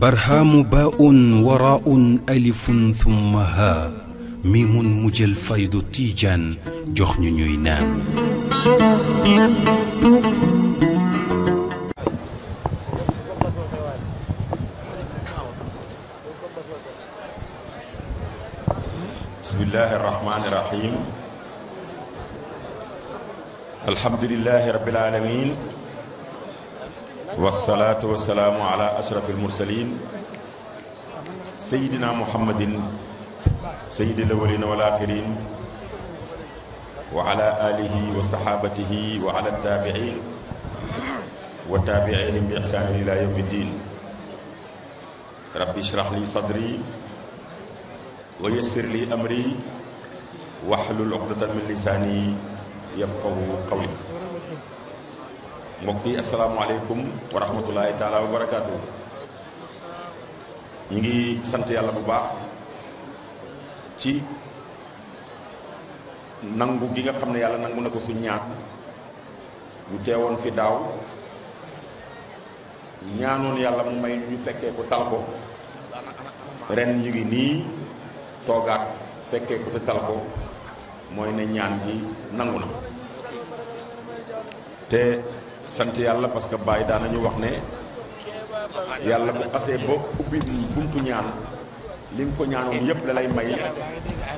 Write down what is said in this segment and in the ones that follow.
برهام باء وراء ألف ثم ها ميم فيض تيجان جخن نينان بسم الله الرحمن الرحيم الحمد لله رب العالمين والصلاة والسلام على أشرف المرسلين سيدنا محمد سيد الأولين والآخرين وعلى آله وصحابته وعلى التابعين وتابعيهم بإحسان إلى يوم الدين ربي اشرح لي صدري ويسر لي أمري واحلل عقدة من لساني yafqahu qawli mbokk yi warahmatullahi wa rahmatullahi taala wa barakatuh ñi ngi sant yalla bu baax ci nangu gi nga xamne yalla nangu nako ko suñ ñaan ñu teewoon fi daw ñaanon yalla mu may ñu fekke ko talko ren ñu ngi ni togaat fekke ko te talko moy ne ñaan gi nangu te sant yàlla parce que Baye daan nañu wax ne yàlla bu xasee ba ubbi buntu ñaan li nga ko ñaanoon yëpp la lay may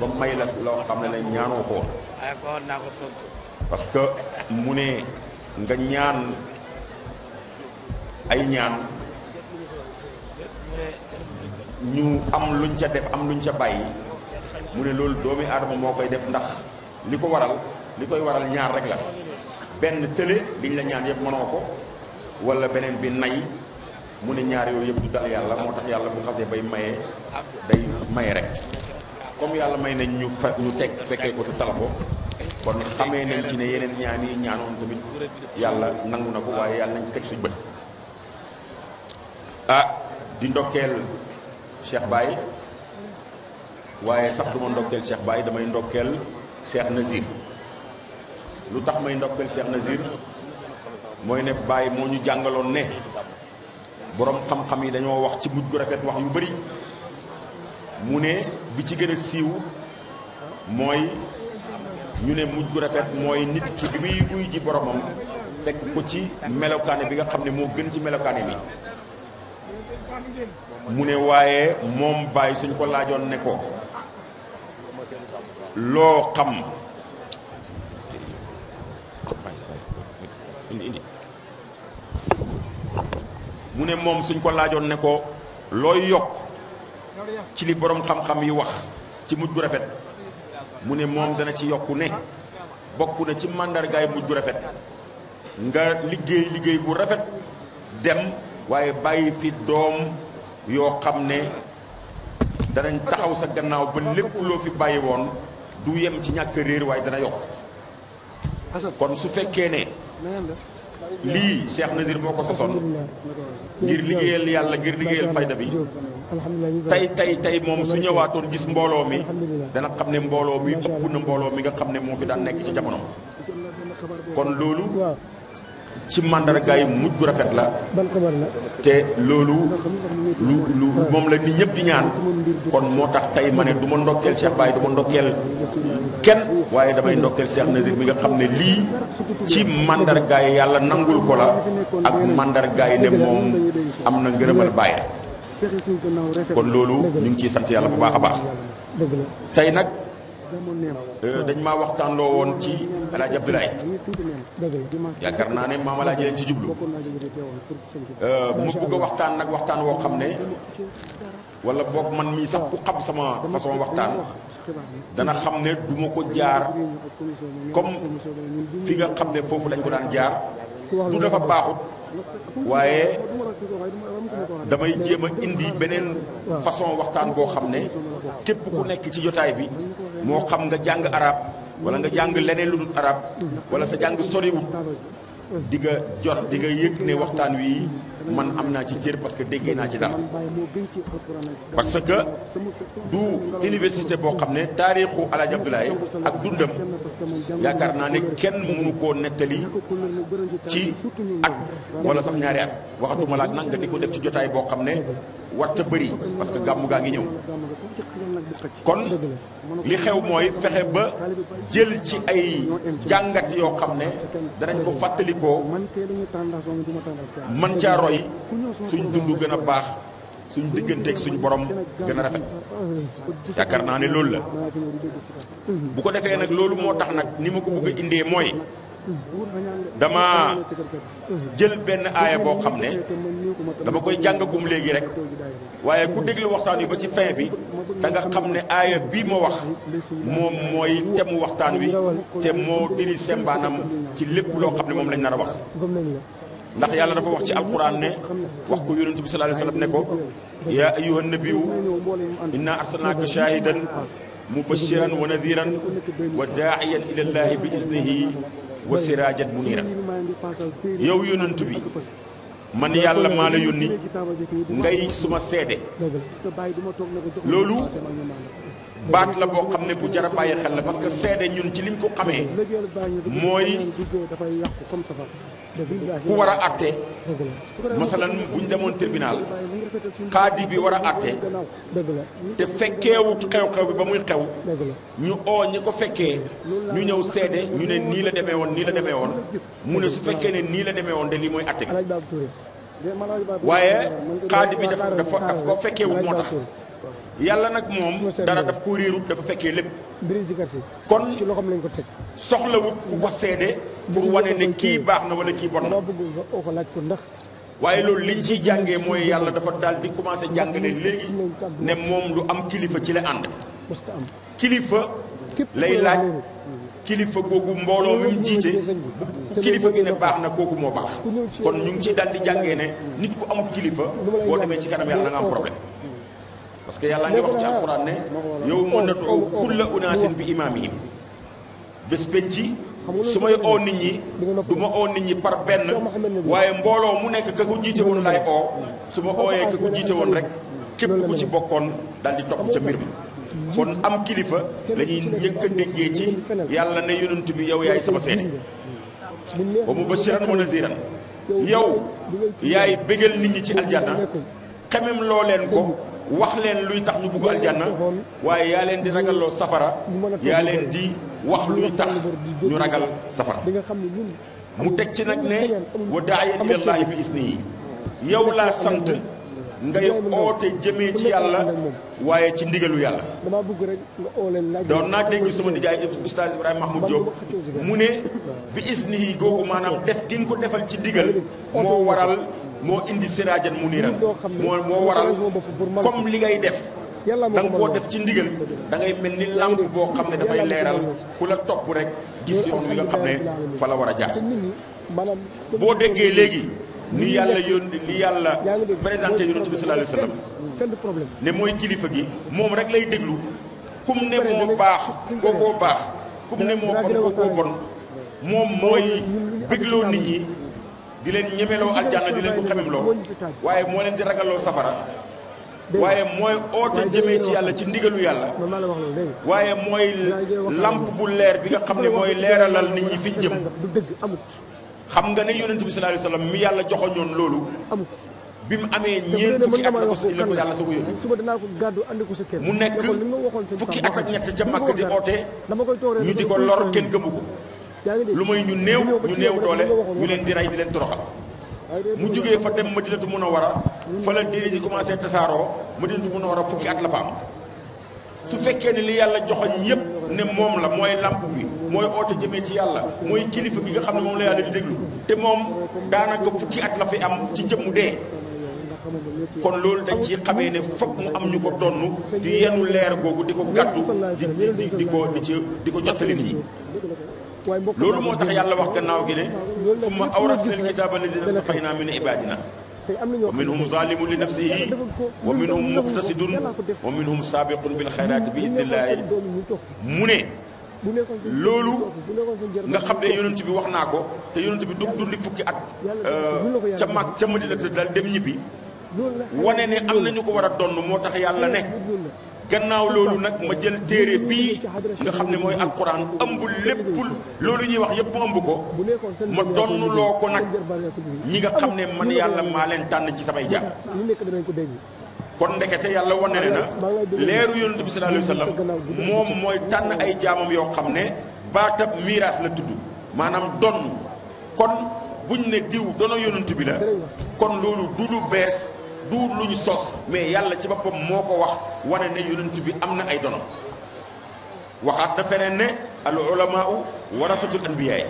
ba may la loo xam ne lay ñaanoo ko parce que mu ne nga ñaan ay ñaan ñu am luñ ca def am lu ñu ca bàyyi mu ne loolu doomi aadama moo koy def ndax li ko waral li koy waral ñaar rek la benn tële liñ la ñaan yëpp mënoo ko wala beneen bi nay mu ne ñaar yooyu yëpp du dal yàlla moo tax yàlla bu xasee bay maye day maye rek comme yàlla may nañ ñu fa ñu teg fekkee ko te tala ko kon xamee nañ ci ne yeneen ñaan yi ñaanoon tamit yàlla nangu na ko waaye yàlla nañ teg suñ bët ah di ndokkeel cheikh baye waaye sax du ma ndokkeel cheikh baye damay ndokkeel cheikh nazir lu tax may ndokkeel Cheikh Nazir mooy ne bàyyi moo ñu jàngaloon ne boroom xam-xam yi dañoo wax ci mujj gu rafet wax yu bari mu ne bi ci gën a siiw mooy ñu ne mujj gu rafet mooy nit ki bi muy wuy ji boromam fekk ko ci melokaane bi nga xam ne moo gën ci melokaane mi mu ne waaye moom bàyyi suñ ko laajoon ne ko loo xam indi indi mu ne moom suñ ko laajoon ne ko looy yokk ci li boroom xam-xam yi wax ci mujj gu rafet mu ne moom dana ci yokk ne bokku na ci màndargaay mujj gu rafet nga liggéey liggéey bu rafet dem waaye bàyyi fi doom yoo xam ne danañ taxaw sa gannaaw ba lépp loo fi bàyyi woon du yem ci ñàkk réer waaye dana yokk kon su fekkee ne lii Cheikh Nazir moo ko sosoon ngir liggéeyal yàlla ngir liggéeyal fayda bi tey tey tey moom su ñëwaatoon gis mbooloo mi dana xam ne mbooloo mi ëpp na mbooloo mi nga xam ne moo fi daan nekk ci jamono kon loolu ci mandargaay mujj gu rafet la te loolu lu lu moom la nit ñëpp di ñaan kon moo tax tey ma ne du ma ndokkeel Cheikh Baye du ma ndokkeel kenn waaye damay ndokkeel Cheikh Nazir bi nga xam ne lii ci mandargaay yàlla nangul ko la ak mandargaay ne moom am na ngërëmal Baye rek kon loolu ñu ngi ciy sant yàlla bu baax a baax tey nag dañ maa waxtaanloo woon ci El Hadj Abdoulaye yaakaar naa ne maam El Hadj leen ci jublu euh, ma bëgg a waxtaan nag waxtaan woo xam ne wala boog man mii sax ku xam sama façon waxtaan dana xam ne du ma ko jaar comme fi nga xam ne foofu lañ ko daan jaar du dafa baaxut waaye damay jéem a indi beneen façon waxtaan boo xam ne képp ku nekk ci jotaay bi moo xam nga jàng araab wala nga jàng leneen lu dul arab wala sa jàng soriwut di nga jot di nga yëg ne waxtaan wi man am naa ci cër parce que déggee naa ci dara parce que du université boo xam ne taarixu Alaaji Abdoulaye ak dundam yaakaar naa ne kenn mënu koo nettali ci at wala sax ñaari at waxatuma laaj nag nga di ko def ci jotaay boo xam ne wat warta bëri parce que gàmmu gaa ngi ñëw kon li xew mooy fexe ba jël ci ay jàngat yoo xam ne danañ ko fàttalikoo man caa roy suñ dund gën a baax suñ digganteeg suñu borom gën a rafet yaakaar naa ne loolu la bu ko defee nag loolu moo tax nag ni ma ko bëgg a indee mooy dama jël benn aaya boo xam ne dama koy jàngagum léegi rek waaye ku déglu waxtaan wi ba ci fin bi da nga xam ne aaya bii ma wax moom mooy temu waxtaan wi te moo diri sembaanam ci lépp loo xam ne moom lañ nar a wax ndax yàlla dafa wax ci alquran ne wax ko yonent bi sallallahu alayhi wasallam ne ko ya ayyuha nabiyu inna arsalnaka shahidan mubashiran wa nadiran wa daiyan ila llahi bi iznihi wa sirajan munira yow yonent bi man yàlla maa la yónni ngay suma seede loolu baat la boo xam ne bu jar a bàyyi xel la parce que seede ñun ci liñ ko xamee mooy ku war a àtte masalan bu ñu demoon tribunal xaadi bi war a àtte te fekkeewut xew-xew bi ba muy xew ñu oo ñi ko fekkee ñu ñëw seede ñu ne nii la demee woon nii la demee woon mu ne su fekkee ne nii la demee woon de lii mooy àtte bi waaye xaadi bi dafa dafa daf ko fekkeewut moo tax yàlla nag moom dara daf ko réerut dafa fekkee lépp mbiri zikar si kon ci loxoom lañ ko teg soxlawut ku ko seede pour wane ne kii baax na wala kii bon na bëgg nga oo ko laaj waaye loolu li liñ ciy jàngee mooy yàlla dafa daal di commencé jàngale léegi ne moom lu am kilifa ci la ànd kilifa lay laaj kilifa googu mbooloo mu jiite bu kilifa gi ne baax na kooku moo baax kon ñu ngi ciy daal di jàngee ne nit ku amul kilifa boo demee ci kanam yàlla nga am problème parce que yàlla ngi wax ci alquran ne yow mën na too kulla unaasin bi imaamihim bés penci su may oo nit ñi du ma oo nit ñi par benn waaye mbooloo mu nekk ka ko jiite woon laay oo su ma ooyee ka ko jiite woon rek képp ku ci bokkoon daal di topp ca mbir mi kon am kilifa la ñuy déggee ci yàlla na yonent bi yow yaay sama seede ba mu bashiran wa naziran yow yaay bégal nit ñi ci aljanna xemem loo leen ko wax leen luy tax ñu bugg aljanna waaye yaa leen di ragalloo safara yaa leen di wax luy tax ñu ragal safara mu teg ci nag ne wa daayan ilallaahi bi isnihi yow laa sant ngay oote jëmee ci yàlla waaye ci ndigalu yàlla doon naa dégg sama nijaay oustaz Ibrahima Mahmoud Diop mu ne bi isnihi googu maanaam def gi ko defal ci ndigal moo waral moo indi siraajan muniiran moo moo waral comme li ngay def da nga koo def ci ndigal da ngay mel ni làmp boo xam ne dafay leeral ku la topp rek gis yoon wi nga xam ne fa la war a jaar boo déggee léegi ni yàlla yónni li yàlla présenté yonent bi sallallahu alayhi wasallam ne mooy kilifa gi moom rek lay déglu kum ne moo baax kookoo baax kum ne moo bon kookoo bon moom mooy bégloo nit ñi di leen ñemeloo aljanna di leen ko xamemloo waaye moo leen di ragaloo safara waaye mooy oote jëmee ci yàlla ci ndigalu yàlla waaye mooy lamp bu leer bi nga xam ne mooy leeralal nit ñi fi jëm xam nga ne yonent bi sallallahu alayhi wasallam mi yàlla joxoñoon loolu bi mu amee ñeent fukki at la ko la ko yàlla soo ko yónnee mu nekk fukki at ak ñett ca Makka di oote ñu di ko lor kenn gëmu ko lu may ñu néew ñu néew doole ñu leen di rey di leen toroxal mu jógee fa dem Madinatu Munawwara fa la diine ji commencé tasaaroo Madinatu Munawwara fukki at la fa am su fekkee ne li yàlla joxoñ yépp ne moom la mooy làmp bi mooy oote jëmee ci yàlla mooy kilifa bi nga xam ne moom la yàlla di déglu te moom daanaka fukki at la fi am ci jëmmu dee kon loolu dañ ci xamee ne foog mu am ñu ko donn di yenu leer googu di ko gàddu di di di ko di ci di ko jottali nit ñi lolu motax yalla wax gannaaw gi ne summa awrasna alkitaba alladhi astafayna min ibadina ومنهم ظالم لنفسه ومنهم مقتصد ومنهم سابق بالخيرات باذن الله من لولو نغا خم دي يونت بي وخناكو تي يونت بي دوك دولي فوكي ات تا ماك تا مدي لك دال ديم نيبي وني ني امنا نيو كو ورا دون موتاخ يالا نه gannaaw loolu nag ma jël téere bii nga xam ne mooy alquran ëmb lépp loolu ñuy wax yëpp mu ëmb ko ma donnuloo ko nag ñi nga xam ne man yàlla maa leen tànn ci samay jaar kon ndekete yàlla wane ne na leeru yonent bi sallallahu alayhi wa sallam moom mooy tànn ay jaamam yoo xam ne baatab miraas la tudd maanaam donn kon buñ ne diw dono yonent bi la kon loolu du lu bees duur lu ñu sos mais yàlla ci boppam moo ko wax wane ne yonent bi am na ay dono waxaat na feneen ne al ulamaau warasatul anbiyaay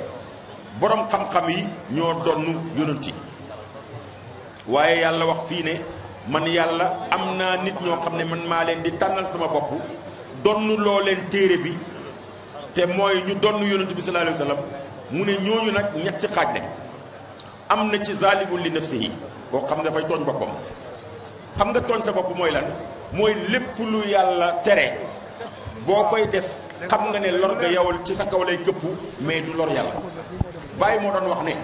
borom xam-xam yi ñoo donn yonent yi waaye yàlla wax fii ne man yàlla am naa nit ñoo xam ne man maa leen di tànnal sama bopp donn loo leen téere bi te mooy ñu donn yonent bi sallallahu alayhi wa mu ne ñooñu nag ñetti xaaj lañ am na ci zaalimun li nafsihi koo xam ne dafay tooñ boppam xam nga tooñ sa bopp mooy lan mooy lépp lu yàlla tere boo koy def xam nga ne lor nga yowal ci sa kaw lay këpp mais du lor yàlla bàyyi moo doon wax ne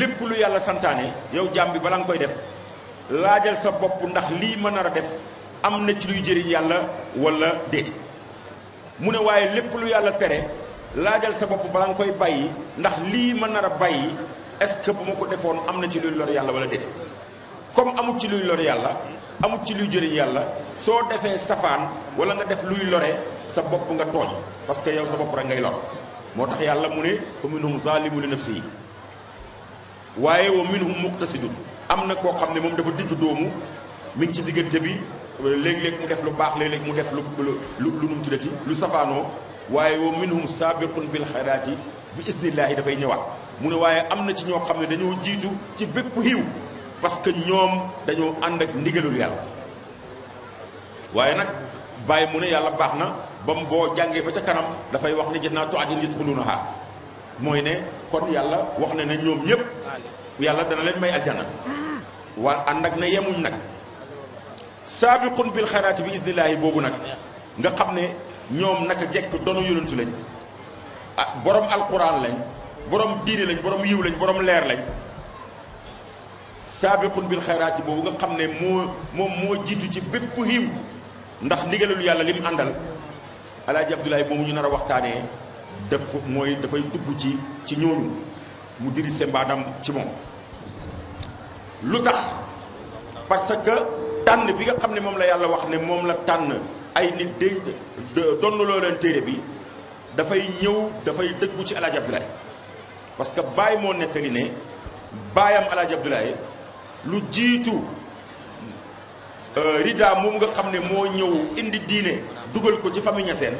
lépp lu yàlla santaane yow jaam bi balaa nga koy def laajal sa bopp ndax lii ma nar a def am na ci luy jëriñ yàlla walla déet mu ne waaye lépp lu yàlla tere laajal sa bopp balaa nga koy bàyyi ndax lii ma nar a bàyyi est-ce bu ma ko defoon am na ci luy lor yàlla wala déet comme amut ci luy lor yàlla amut ci luy jëriñ yàlla soo defee safaan wala nga def luy lore sa bopp nga tooñ parce que yow sa bopp rek ngay lor moo tax yàlla mu ne fa minhum zalimu li nafsihi waaye wa minhum muqtasidun am na koo xam ne moom dafa digg doomu mi ngi ci diggante bi léeg-léeg mu def lu baax léeg-léeg mu def lu lu lu nu mu tuddati lu safaanoo waaye wa minhum saabiqun bil xayraati bi isnillahi dafay ñëwaat mu ne waaye am na ci ñoo xam ne dañoo jiitu ci bépp xiiw parce que ñoom dañoo ànd ak ndigalul yàlla waaye nag bàyyi mu ne yàlla baax na bam boo jàngee ba ca kanam dafay wax ne jannaatu adnin yadxuluunahaa mooy ne kon yàlla wax na ne ñoom ñëpp yàlla dana leen may aljana waa ànd ak ne yemuñ nag saabiqun bil xayraati bi isnillaahi boobu nag nga xam ne ñoom naka jekk donu yonentu lañ ah borom alquran lañ borom diine lañ borom yiw lañ borom leer lañ saabiqun bil xayraati boobu nga xam ne moo moom moo jiitu ci bépp xiiw ndax ndigalul yàlla lim àndal alaaji abdoulaye moomu ñu nar a waxtaanee def mooy dafay dugg ci ci ñooñu mu diri se mbaadam ci moom lu tax parce que tànn bi nga xam ne moom la yàlla wax ne moom la tànn ay nit de donnaloo leen téere bi dafay ñëw dafay dëggu ci alaaji abdoulaye parce que bàyyi moo nettali ne baayam alaaji abdoulaye lu jiitu euh, Rida moom nga xam ne moo ñëw indi diine dugal ko ci famille Niassène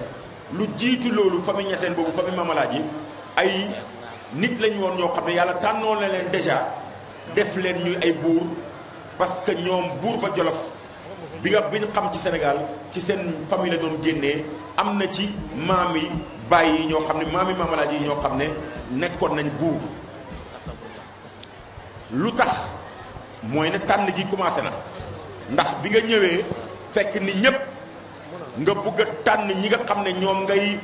lu jiitu loolu famille Niassène boobu famille Mamalaaji ay nit lañu woon ñoo xam ne yàlla tànnoo na leen déjà def leen ñuy ay buur parce que ñoom buur ba Jolof bi nga bi ñu xam ci senegal ci seen famille doon génnee am na ci maam yi baay ñoo xam ne maam yi Mamalaaji yi ñoo xam ne nekkoon nañ buur lu tax. mooy ne tànn gi commencé na ndax bi nga ñëwee fekk ni ñëpp nga bugg a tànn ñi nga xam ne ñoom ngay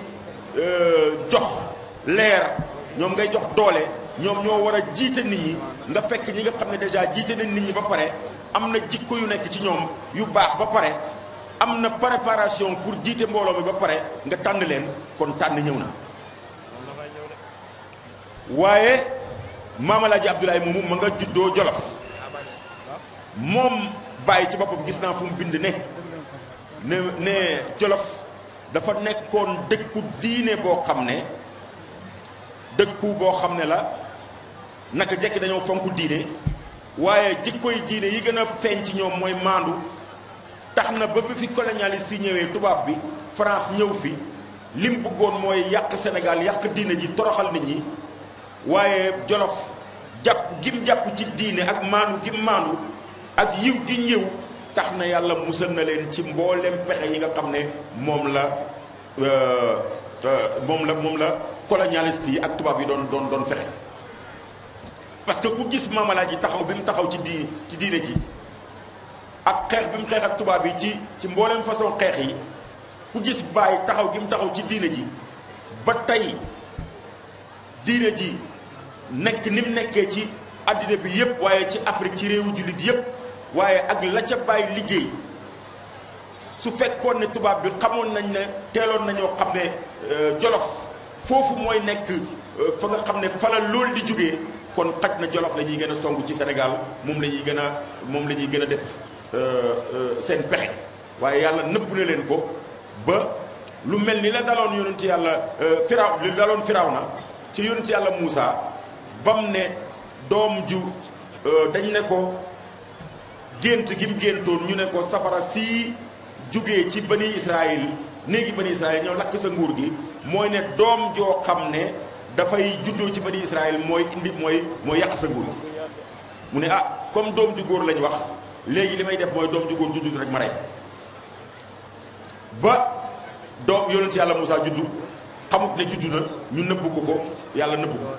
euh, jox leer ñoom ngay jox doole ñoom ñoo war a jiite nit ñi nga fekk ñi nga xam ne déjà jiite ne nit ñi ba pare am na jikko yu nekk ci ñoom yu baax ba pare am na préparation pour jiite mbooloo mi ba pare nga tànn leen kon tànn ñëw na waaye Maam Alaaji Abdoulaye moomu ma nga juddoo Jolof moom bàyyi ci boppam gis naa fu mu bind ne ne ne Jolof dafa nekkoon dëkku diine boo xam ne dëkku boo xam ne la naka jekki dañoo fonk diine waaye jikkoy diine yi gën a feeñ ci ñoom mooy maandu tax na ba bi fi colonialiste yi ñëwee tubaab bi France ñëw fi lim bëggoon mooy yàq senegal yàq diine ji toroxal nit ñi waaye Jolof jàpp gim jàpp ci diine ak maandu gim maandu ak yiw gi ñëw tax na yàlla musal na leen ci mboolem pexe yi nga xam ne moom la euh, euh, moom la moom la colonialiste yi ak tubaab yi doon doon doon fexe parce que ku gis maamalaaj yi taxaw bi mu taxaw ci di ci diine ji ak xeex bi mu xeex ak tubaab yi ci ci mboolem façon xeex yi ku gis bàyyi taxaw gi mu taxaw ci diine ji ba tey diine ji nekk ni mu nekkee ci àddina bi yépp waaye ci Afrique ci réewu jullit yépp waaye ak la ca bàyyi liggéey su fekkoon ne tubaab bi xamoon nañ ne teeloon nañoo xam ne euh, jolof foofu mooy nekk euh, fa nga xam ne fala lool di jógee kon xaj na jolof la ñuy gën a songu ci Sénégal moom la ñuy gën a moom la ñuy gën a def euh, seen pexe waaye yàlla nëbb na leen ko ba lu mel ni la daloon yonent yàlla firaw li daloon firaw na ci yonent yàlla Moussa bam ne doom ju dañ ne ko gént gi mu géntoon ñu ne ko safara si jóge ci bani Israël néegi bani Israël ñoo lakk sa nguur gi mooy ne doom joo xam ne dafay juddoo ci bani Israël mooy indi mooy mooy yàq sa nguur gi mu ne ah comme doom ju góor lañ wax léegi li may def mooy doom ju góor juddu rek ma rey ba doom yonent yàlla Moussa juddu xamut ne juddu na ñu nëbbu ko ko yàlla nëbbu ko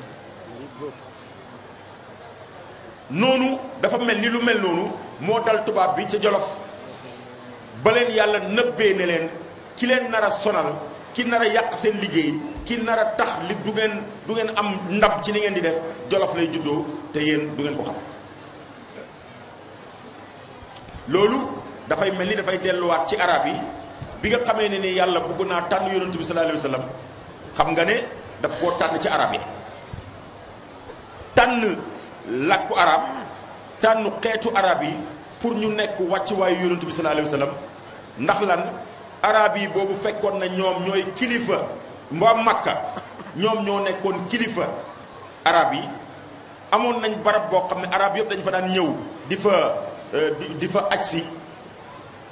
noonu dafa mel ni lu mel noonu. moo dal tubaab bi ca Jolof ba leen yàlla nëbbee ne leen ki leen nar a sonal ki nar a yàq seen liggéey ki nar a tax li du ngeen du ngeen am ndab ci li ngeen di def Jolof lay juddoo te yéen du ngeen ko xam loolu dafay mel ni dafay delluwaat ci arab yi bi nga xamee ne ni yàlla bugg naa tànn yonent bi sallallahu alayhi wa xam nga ne daf koo tànn ci arab yi tànn làkku araab tànn xeetu arab yi pour ñu nekk wàccuwaayu yonent bi sallallahu alayhi wa sallam ndax lan arab yi boobu fekkoon na ñoom ñooy kilifa mbaa makka ñoom ñoo nekkoon kilifa arab yi amoon nañ barab boo xam ne arab yëpp dañ fa daan ñëw di fa euh, di fa aj si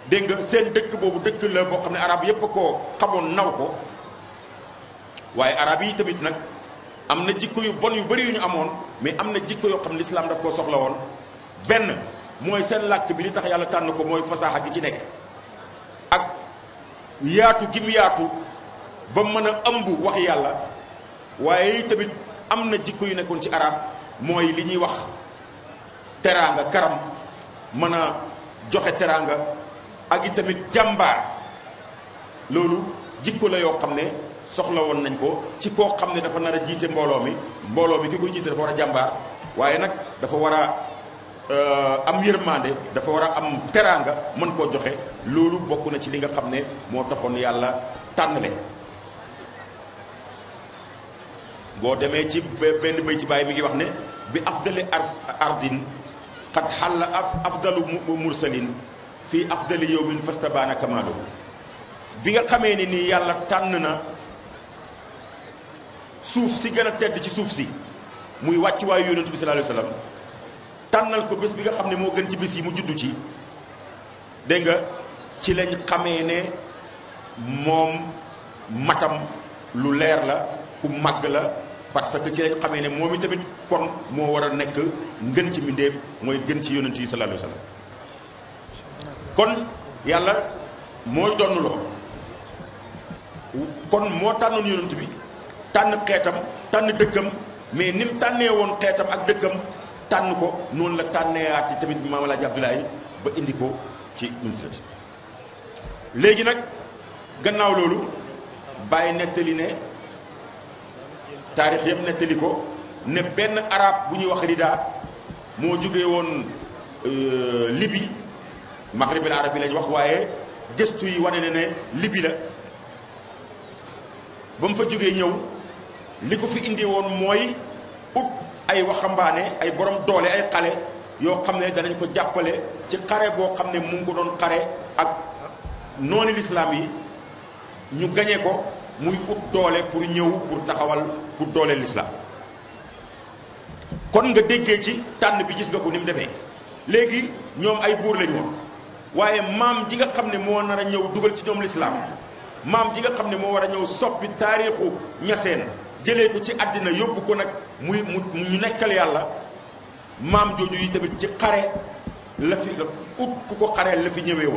dégg nga seen dëkk boobu dëkk la boo xam ne arab yëpp a koo xamoon naw ko waaye arab yi tamit nag am na jikko yu bon yu bëri yu ñu amoon mais am na jikko yoo xam ne lislaam daf koo soxla woon benn mooy seen làkk bi li tax yàlla tànn ko mooy fasaaxa gi ci nekk ak yaatu gi yaatu ba mën a ëmb wax yàlla waaye tamit am na jikko yu nekkoon ci arab mooy li ñuy wax teraanga karam mën a joxe teraanga ak i tamit jàmbaar loolu jikko la yoo xam ne soxla woon nañ ko ci koo xam ne dafa nar a jiite mbooloo mi mbooloo mi ki koy jiite dafa war a jàmbaar waaye nag dafa war Euh, am yërmande dafa war a am teraanga mën koo joxe loolu bokk na ci li nga xam ne moo taxoon yàlla tànn leen boo demee ci benn béy ci bàyyi mi ngi wax ne bi afdali ardin xat xalla af afdalu mursalin fii afdali yowmin fastabaana kamaaluhu bi nga xamee ne nii yàlla tànn na suuf si gën a tedd ci suuf si muy wàcc waayu yonent bi sallallahu tànnal ko bés bi nga xam ne moo gën ci bés yi mu juddu ci dégg nga ci lañ xamee ne moom matam lu leer la ku màgg la parce que ci lañ xamee ne moom i tamit kon moo war a nekk ngën ci mbindéef mooy gën ci yonent yi sallallahu alayhi kon yàlla mooy donn loo kon moo tànnoon yonent bi tànn xeetam tànn dëkkam mais ni mu tànnee woon xeetam ak dëkkam tànn ko noonu la tànneewaat tamit bi maam El Hadj Abdoulaye ba indi ko ci ministre léegi nag gannaaw loolu bàyyi nettali ne taarix yëpp nettali ko ne benn arab bu ñuy wax Rida moo jógee woon euh, Libi arab bi lañ wax waaye gëstu yi wane ne ne Libi la ba mu fa jógee ñëw li ko fi indi woon mooy ut ay waxambaane ay borom doole ay xale yoo xam ne danañ ko jàppale ci xare boo xam ne mu ngi ko doon xare ak noonu lislaam yi ñu gañee ko muy ut doole pour ñëw pour taxawal pour doole lislaam kon nga déggee ci tànn bi gis nga ko ni mu demee léegi ñoom ay buur lañu woon waaye maam ji nga xam ne moo nar a ñëw dugal ci ñoom lislaam maam ji nga xam ne moo war a ñëw soppi taarixu ñaseen jëlee ko ci àddina yóbbu ko nag muy mu ñu nekkal yàlla maam jooju yi tamit ci xare la fi la ut ku ko xare la fi ñëwee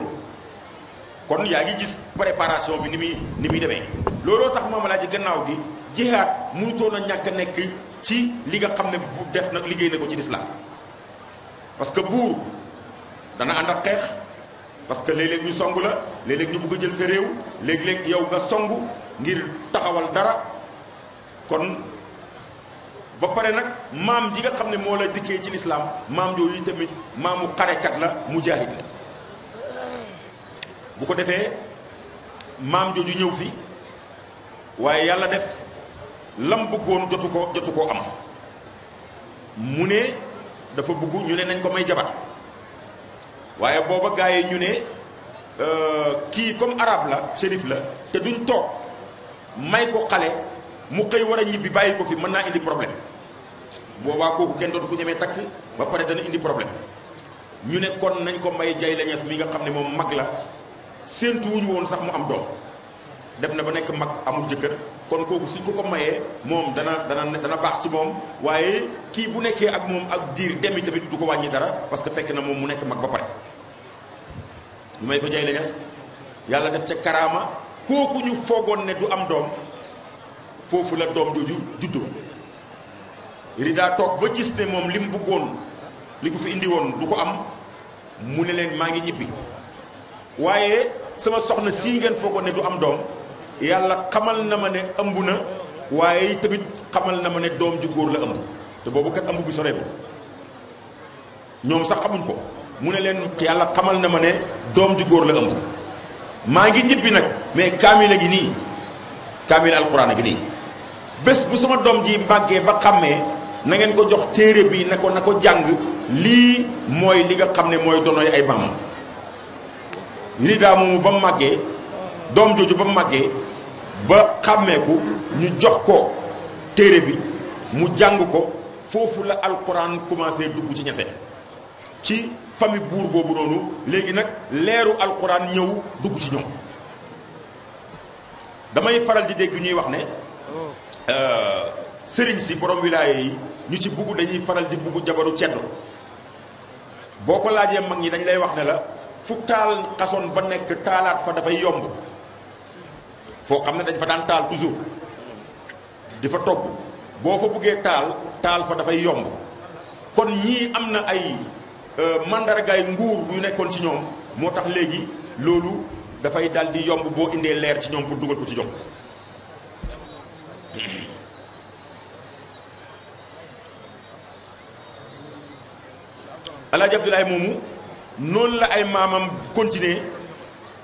kon yaa ngi gis préparation bi ni muy ni muy demee looloo tax maam laa ji gannaaw gi jihaad mënutoon a ñàkk a nekk ci li nga xam ne bu def nag liggéey na ko ci lislaam parce que buur dana ànd ak xeex parce que léeg ñu song la léeg-léeg ñu bugg a jël sa réew léeg-léeg yow nga song ngir taxawal dara kon ba pare nag maam ji nga xam ne moo la dikkee ci lislaam maam yooyu tamit maamu xarekat la mujaahid la bu ko defee maam jooju ñëw fi waaye yàlla def lam bëggoon jotu ko jotu koo am mu ne dafa bëgg ñu ne nañ ko may jabar waaye booba gaa ñu ne euh, kii comme arabe la shérif la te duñ toog may ko xale mu xëy war a ñibbi bàyyi ko fi mën naa indi problème boobaa kooku kenn dootu ko ñemee takk ba pare dana indi problème ñu ne kon nañ ko may jay lañees mi nga xam ne moom mag la séentu wuñu woon sax mu am doom def na ba nekk mag amul jëkkër kon kooku suñ ko ko mayee moom dana dana dana baax ci moom waaye kii bu nekkee ak moom ak diir demi tamit du ko wàññi dara parce que fekk na moom mu nekk mag ba pare ñu may ko jay lañees yàlla def ca karaama kooku ñu foogoon ne du am doom foofu la doom jooju juddoo Rida toog ba gis ne moom li mu bëggoon li ko fi indi woon du ko am mu ne leen maa ngi ñibbi waaye sama soxna sii ngeen foogoon ne du am doom yàlla xamal na ma ne ëmb na waaye tamit xamal na ma ne doom ju góor la ëmb te boobu kat ëmb bi soreegul ñoom sax xamuñ ko mu ne leen yàlla xamal na ma ne doom ju góor la ëmb maa ngi ñibbi nag mais kaamil a ngi nii kaamil alquran a ngi nii bés bu sama doom ji màggee ba xàmmee nangeen ko jox téere bi na ko na ko jàng lii mooy li nga xam ne mooy donoy ay maamam lii daa moomu ba màggee doom jooju ba màggee ba xàmmeeku ñu jox ko téere bi mu jàng ko foofu la alquran commencé dugg ci ñese ci famille buur boobu noonu léegi nag leeru alquran ñëw dugg ci ñoom damay faral di dégg ñuy wax ne Euh, sëriñ si borom wilaya yi ñu ci bugg dañuy faral di buggu jabaru ceddo boo ko laajee mag ñi dañ lay wax ne la fu taal xasoon ba nekk taalaat fa dafay yomb foo xam ne dañ fa daan taal toujours di fa togg boo fa buggee taal taal fa dafay yomb kon ñii am na ay euh, mandargaay nguur yu nekkoon ci ñoom moo tax léegi loolu dafay dal di yomb boo indee leer ci ñoom pour dugal ko ci jox alaaji abdoulaye moomu noonu la ay maamam continuer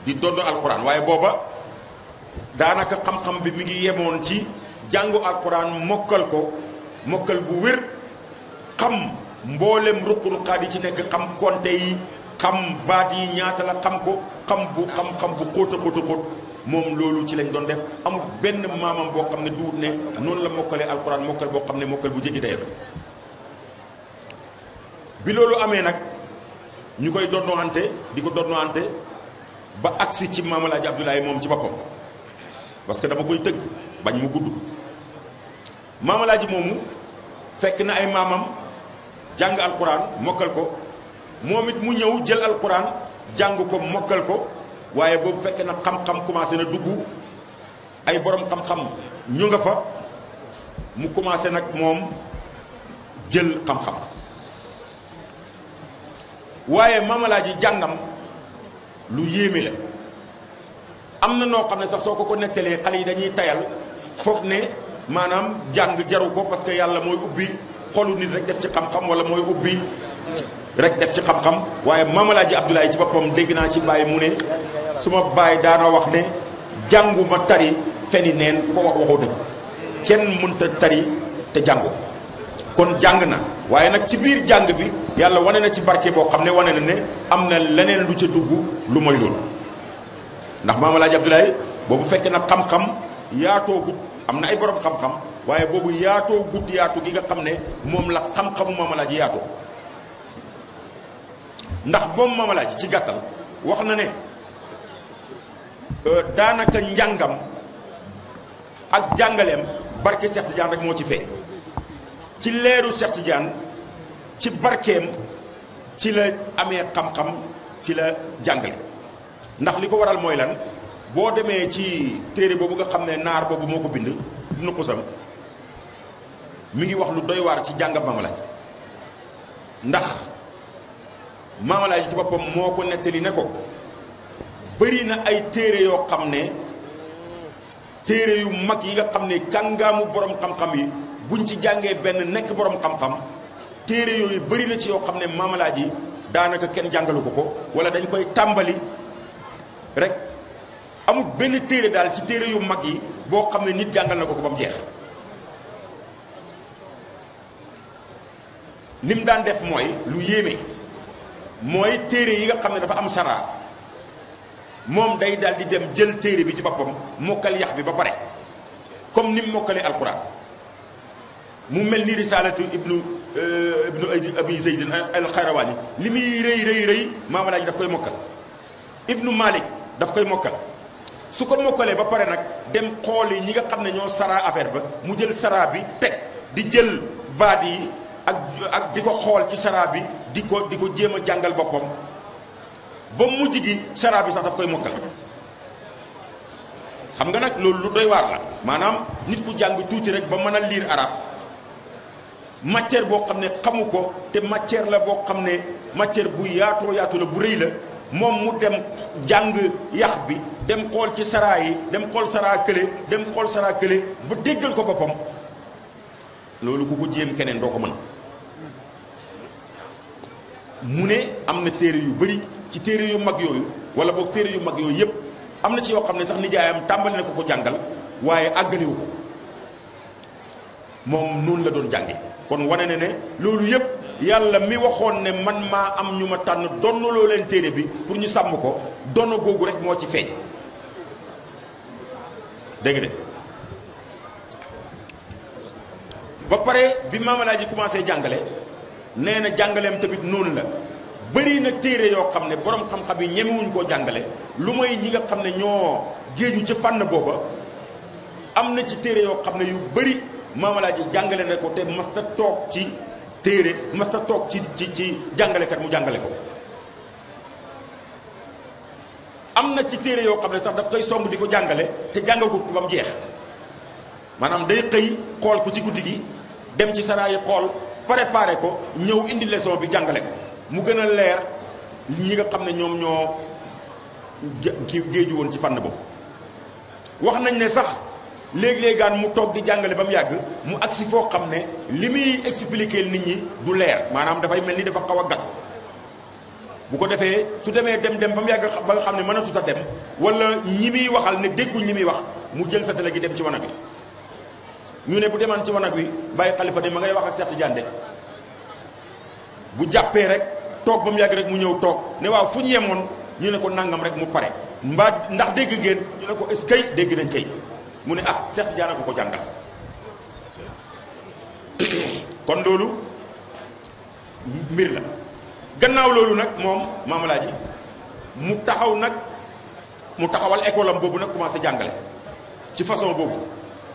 di dond alxuraan waaye booba daanaka xam-xam bi mu ngi yemoon ci jàngu alquran mokkal ko mokkal bu wér xam mboolem ruq-ruqaat yi ci nekk xam konte yi xam baat yi ñaata la xam ko xam bu xam-xam bu xóot a xóot a xóot moom loolu ci lañ doon def amul benn maamam boo xam ne duut ne noonu la mokkalee alquran mokkal boo xam ne mokkal bu jéggi dayoo bi loolu amee nag ñu koy donnoante di ko donnoante ba agsi ci maam Alaaji Abdoulaye moom ci boppam parce que dama koy tëgg bañ mu gudd maam Alaaji moomu fekk na ay maamam jàng alquran mokkal ko moom it mu ñëw jël alquran jàng ko mokkal ko. waaye boobu fekk na xam-xam commencé na dugg ay borom xam-xam ñu nga fa mu commencé nag moom jël xam-xam waaye mamalaaji jàngam lu yéeme la am na noo xam ne sax soo ko ko nettalee xale yi dañuy tayal foog ne maanaam jàng jaru ko parce que yàlla mooy ubbi xolu nit rek def ci xam-xam wala mooy ubbi rek def ci xam-xam waaye mamalaaji Abdoulaye ci boppam dégg naa ci bàyyi mu ne su ma bàyyi daana wax ne jànguma tari feni neen ku ko wax waxoo dëgg kenn mënta tari te jàngu kon jàng na waaye nag ci biir jàng bi yàlla wane na ci barke boo xam ne wane na ne am na leneen lu ca dugg lu mooy loolu ndax maam Alaaji Abdoulaye boobu fekk na xam-xam yaatoo gut am na ay boroom xam-xam waaye boobu yaatoo gut yaatu gi nga xam ne moom la xam-xamu maam Alaaji yaatoo ndax moom maam Alaaji ci gàttal wax na ne Euh, daanaka njàngam ak jàngaleem barke Cheikh Tidiane rek moo ci feeñ ci leeru Cheikh Tidiane ci barkeem ci la amee xam-xam ci la jàngale ndax li ko waral mooy lan boo demee ci téere boobu nga xam ne naar boobu moo ko bind nu xusam mi ngi wax lu doywaar ci jàngam maamalaay ndax maamalaay ci boppam moo ko nettali ne ko bëri na ay téere yoo xam ne téere yu mag yi nga xam ne kàngaamu borom xam-xam yi buñ ci jàngee benn nekk borom xam-xam téere yooyu bëri na ci yoo xam ne maamalaaji yi daanaka kenn jàngalu ko ko wala dañ koy tàmbali rek amut benn téere daal ci téere yu mag yi boo xam ne nit jàngal na ko ko ba mu jeex. lim daan def mooy lu yéeme mooy téere yi nga xam ne dafa am saraa. mom day dal di dem jël téré bi ci bopam mokal yah bi ba pare comme nim mokalé mokkalee alquran mu melni risalatu ibnu ibnu abi zayd al xayrawaani li reey reey rëy rëy maamalaaji daf koy mokal ibnu malik daf koy mokal su ko mokalé ba pare nak dem xol yi nga xamné ño sara affaire ba mu jël sara bi tek di jël baat yi ak ak diko xol ci sara bi diko diko jema jàngal bopam ba mujj gi sharaa bi sax daf koy mokkal xam nga nag loolu lu doy waar la maanaam nit ku jàng tuuti rek ba mën a liir arab matière boo xam ne xamu ko te matière la boo xam ne matière bu yaatoo yaatu la bu rëy la moom mu dem jàng yax bi dem xool ci saraa yi dem xool saraa kële dem xool saraa kële bu déggal ko boppam loolu ku ko jéem keneen doo ko mën mu ne am na téere yu bëri ci téere yu mag yooyu wala boog téere yu mag yooyu yëpp am na ci yoo xam ne sax nijaayam tàmbali na ko ko jàngal waaye àggaliwu ko moom noonu la doon jànge kon wane na ne loolu yëpp yàlla mi waxoon ne man maa am ñu ma tànn donnaloo leen téere bi pour ñu sàmm ko donn googu rek moo ci feeñ dégg ba pare bi maamalaa ji commencé jàngale nee na jàngaleem tamit noonu la bëri na téere yoo xam ne boroom xam-xam yi ñemewuñ koo jàngale lu may ñi nga xam ne ñoo géeju ci fànn booba am na ci téere yoo xam ne yu bëri maamalaa ji jàngale na ko te masta toog ci téere masta toog ci ci ci jàngalekat mu jàngale ko am na ci téere yoo xam ne sax daf koy song di ko jàngale te jàngagut ko ba mu jeex maanaam day xëy xool ko ci guddi gi dem ci saraay xool préparé ko ñëw indi leçon bi jàngale ko mu gën a leer ñi nga xam ne ñoom ñoo géeju woon ci fànn boobu wax nañ ne sax léegi-léegaan mu toog di jàngale ba mu yàgg mu agsi foo xam ne li muy expliquer nit ñi du leer maanaam dafay mel ni dafa xaw a gàtt bu ko defee su demee dem dem ba mu yàgg ba nga xam ne mënatut a dem walla ñi muy waxal ne dégguñ li muy wax mu jël satala gi dem ci wanag wi ñu ne bu demaan ci wanag wi bàyyi xalifa ne ma ngay wax ak Cheikh Tidiane de bu jàppee rek toog ba mu yàgg rek mu ñëw toog ne waaw fu ñu yemoon ñu ne ko nangam rek mu pare mbaa ndax dégg ngeen ñu ne ko est-ce que dégg nañ kay mu ne ah Cheikh Tidiane ko ko jàngal kon loolu mbir la gannaaw loolu nag moom maamalaaji mu taxaw nag mu taxawal école boobu nag commencé jàngale ci façon boobu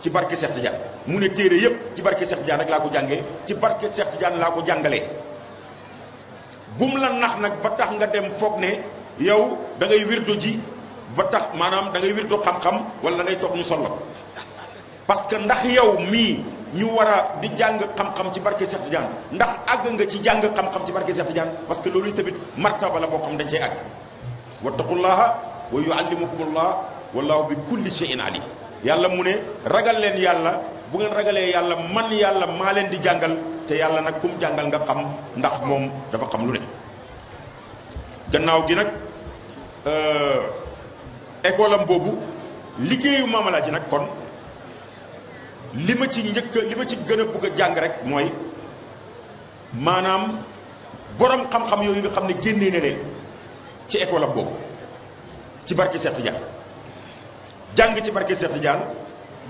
ci barke Cheikh Tidiane mu ne téere yëpp ci barke Cheikh Tidiane rek laa ko jàngee ci barke Cheikh Tidiane laa ko jàngalee bum la nax nag ba tax nga dem foog ne yow da ngay wirdu ji ba tax maanaam da ngay wirdu xam-xam wala da toog ñu solo parce que ndax yow mii ñu war a di jàng xam-xam ci barke Cheikh Tidiane ndax àgg nga ci jàng xam ci barke Cheikh Tidiane parce que loolu tamit martaba la boo xam dañ cay àgg wattaqullaha wa yuallimukumullah wallahu bi kulli shay'in alim yàlla mu ne ragal leen yàlla bu ngeen ragalee yàlla man yàlla maa leen di jàngal te yàlla nag kum jàngal nga xam ndax moom dafa xam lu ne gannaaw gi nag euh, école am boobu liggéeyu maamalaaji nag kon li ma ci njëkk li ma ci gën a bugg a jàng rek mooy maanaam borom xam-xam yooyu nga xam ne génnee neneen ci école boobu ci barke Cheikh jàng ci barke Cheikh Tidiane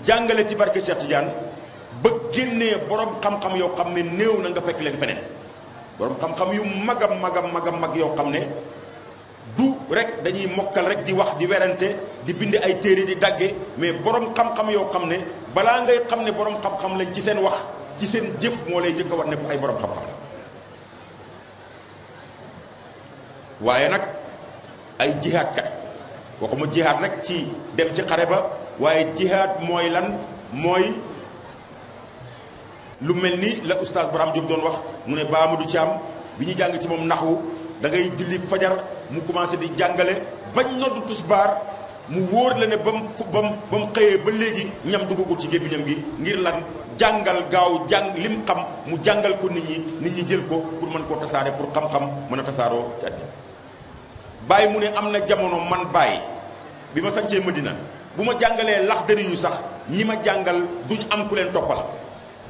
jàngale ci barke Cheikh Tidiane ba génnee borom xam-xam yoo xam ne néew na nga fekk leen feneen borom xam-xam yu mag a mag a mag a mag yoo xam ne du rek dañuy mokkal rek di wax di werante di bind ay téere di dagge mais boroom xam-xam yoo xam ne balaa ngay xam ne boroom xam-xam lañ ci seen wax ci seen jëf moo lay njëkk a war ne ay borom xam-xam la waaye nag ay jihaadkat waxuma jihaad nag ci dem ci xare ba waaye jihaad mooy lan mooy. lu melni la oustaz Braham djob don wax mune ba amadou cham biñu jang ci mom nahwu da ngay julli fajar mu commencer di jàngale bañ noddu tousbar mu wóor la ne bam bam bam mu ba mu xëyee ba léegi ñam duggagul ci gi ngir lan jangal gaaw jang lim xam mu jangal ko nit ñi nit ñi jël ko pour mën ko tasaare pour xam-xam tassaro ci mu ne amna jamono man bay bima ma medina buma jangalé lakhdari yu sax ñima jangal duñ am ku len topal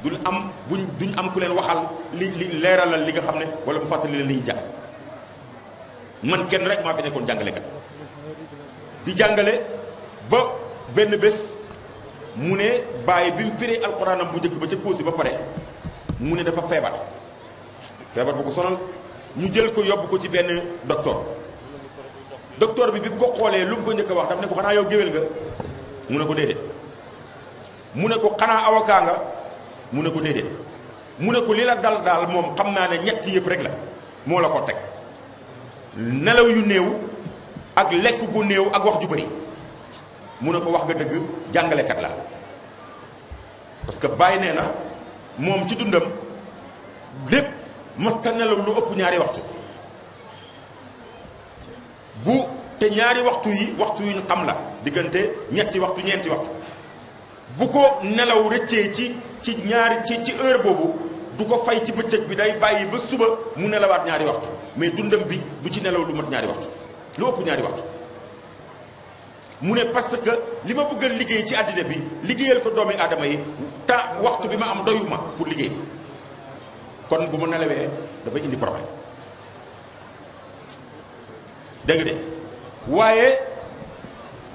duñ am buñ duñ am ku leen waxal li li leeralal li nga xam ne wala bu fàttali leen li ñu man kenn rek maa fi nekkoon jàngalekat di jàngale ba benn bés mu ne bàyyi bi mu firee alxuraanam bu njëkk ba ca kóosi ba pare mu ne dafa feebar feebar bu ko sonal ñu jël ko yóbbu ko ci benn docteur docteur bi bi mu ko xoolee lu mu ko njëkk a wax daf ne ko xanaa yow géwél nga mu ne ko déedéet mu ne ko xanaa avocat nga mu ne ko déedéet mu ne ko li la dal daal moom xam naa ne ñetti yëf rek la moo la ko teg nelaw yu néew ak lekk gu néew ak wax ju bari mu ne ko wax nga dëgg jàngalekat la parce que bàyyi nee na moom ci dundam lépp masta nelaw lu ëpp ñaari waxtu bu te ñaari waxtu yi waxtu yu ñu xam la diggante ñetti waxtu ñeenti waxtu bu ko nelaw rëccee ci ci ñaari ci ci heure boobu du ko fay ci bëccëg bi day bàyyi ba suba mu nelawaat ñaari waxtu mais dundam bi du ci nelaw lu mat ñaari waxtu lu ëpp ñaari waxtu mu ne parce que li ma bëgg liggéey ci àddina bi liggéeyal ko doomi aadama yi temps waxtu bi ma am doyu ma pour liggéey kon bu ma nelawee dafay indi problème dégg de waaye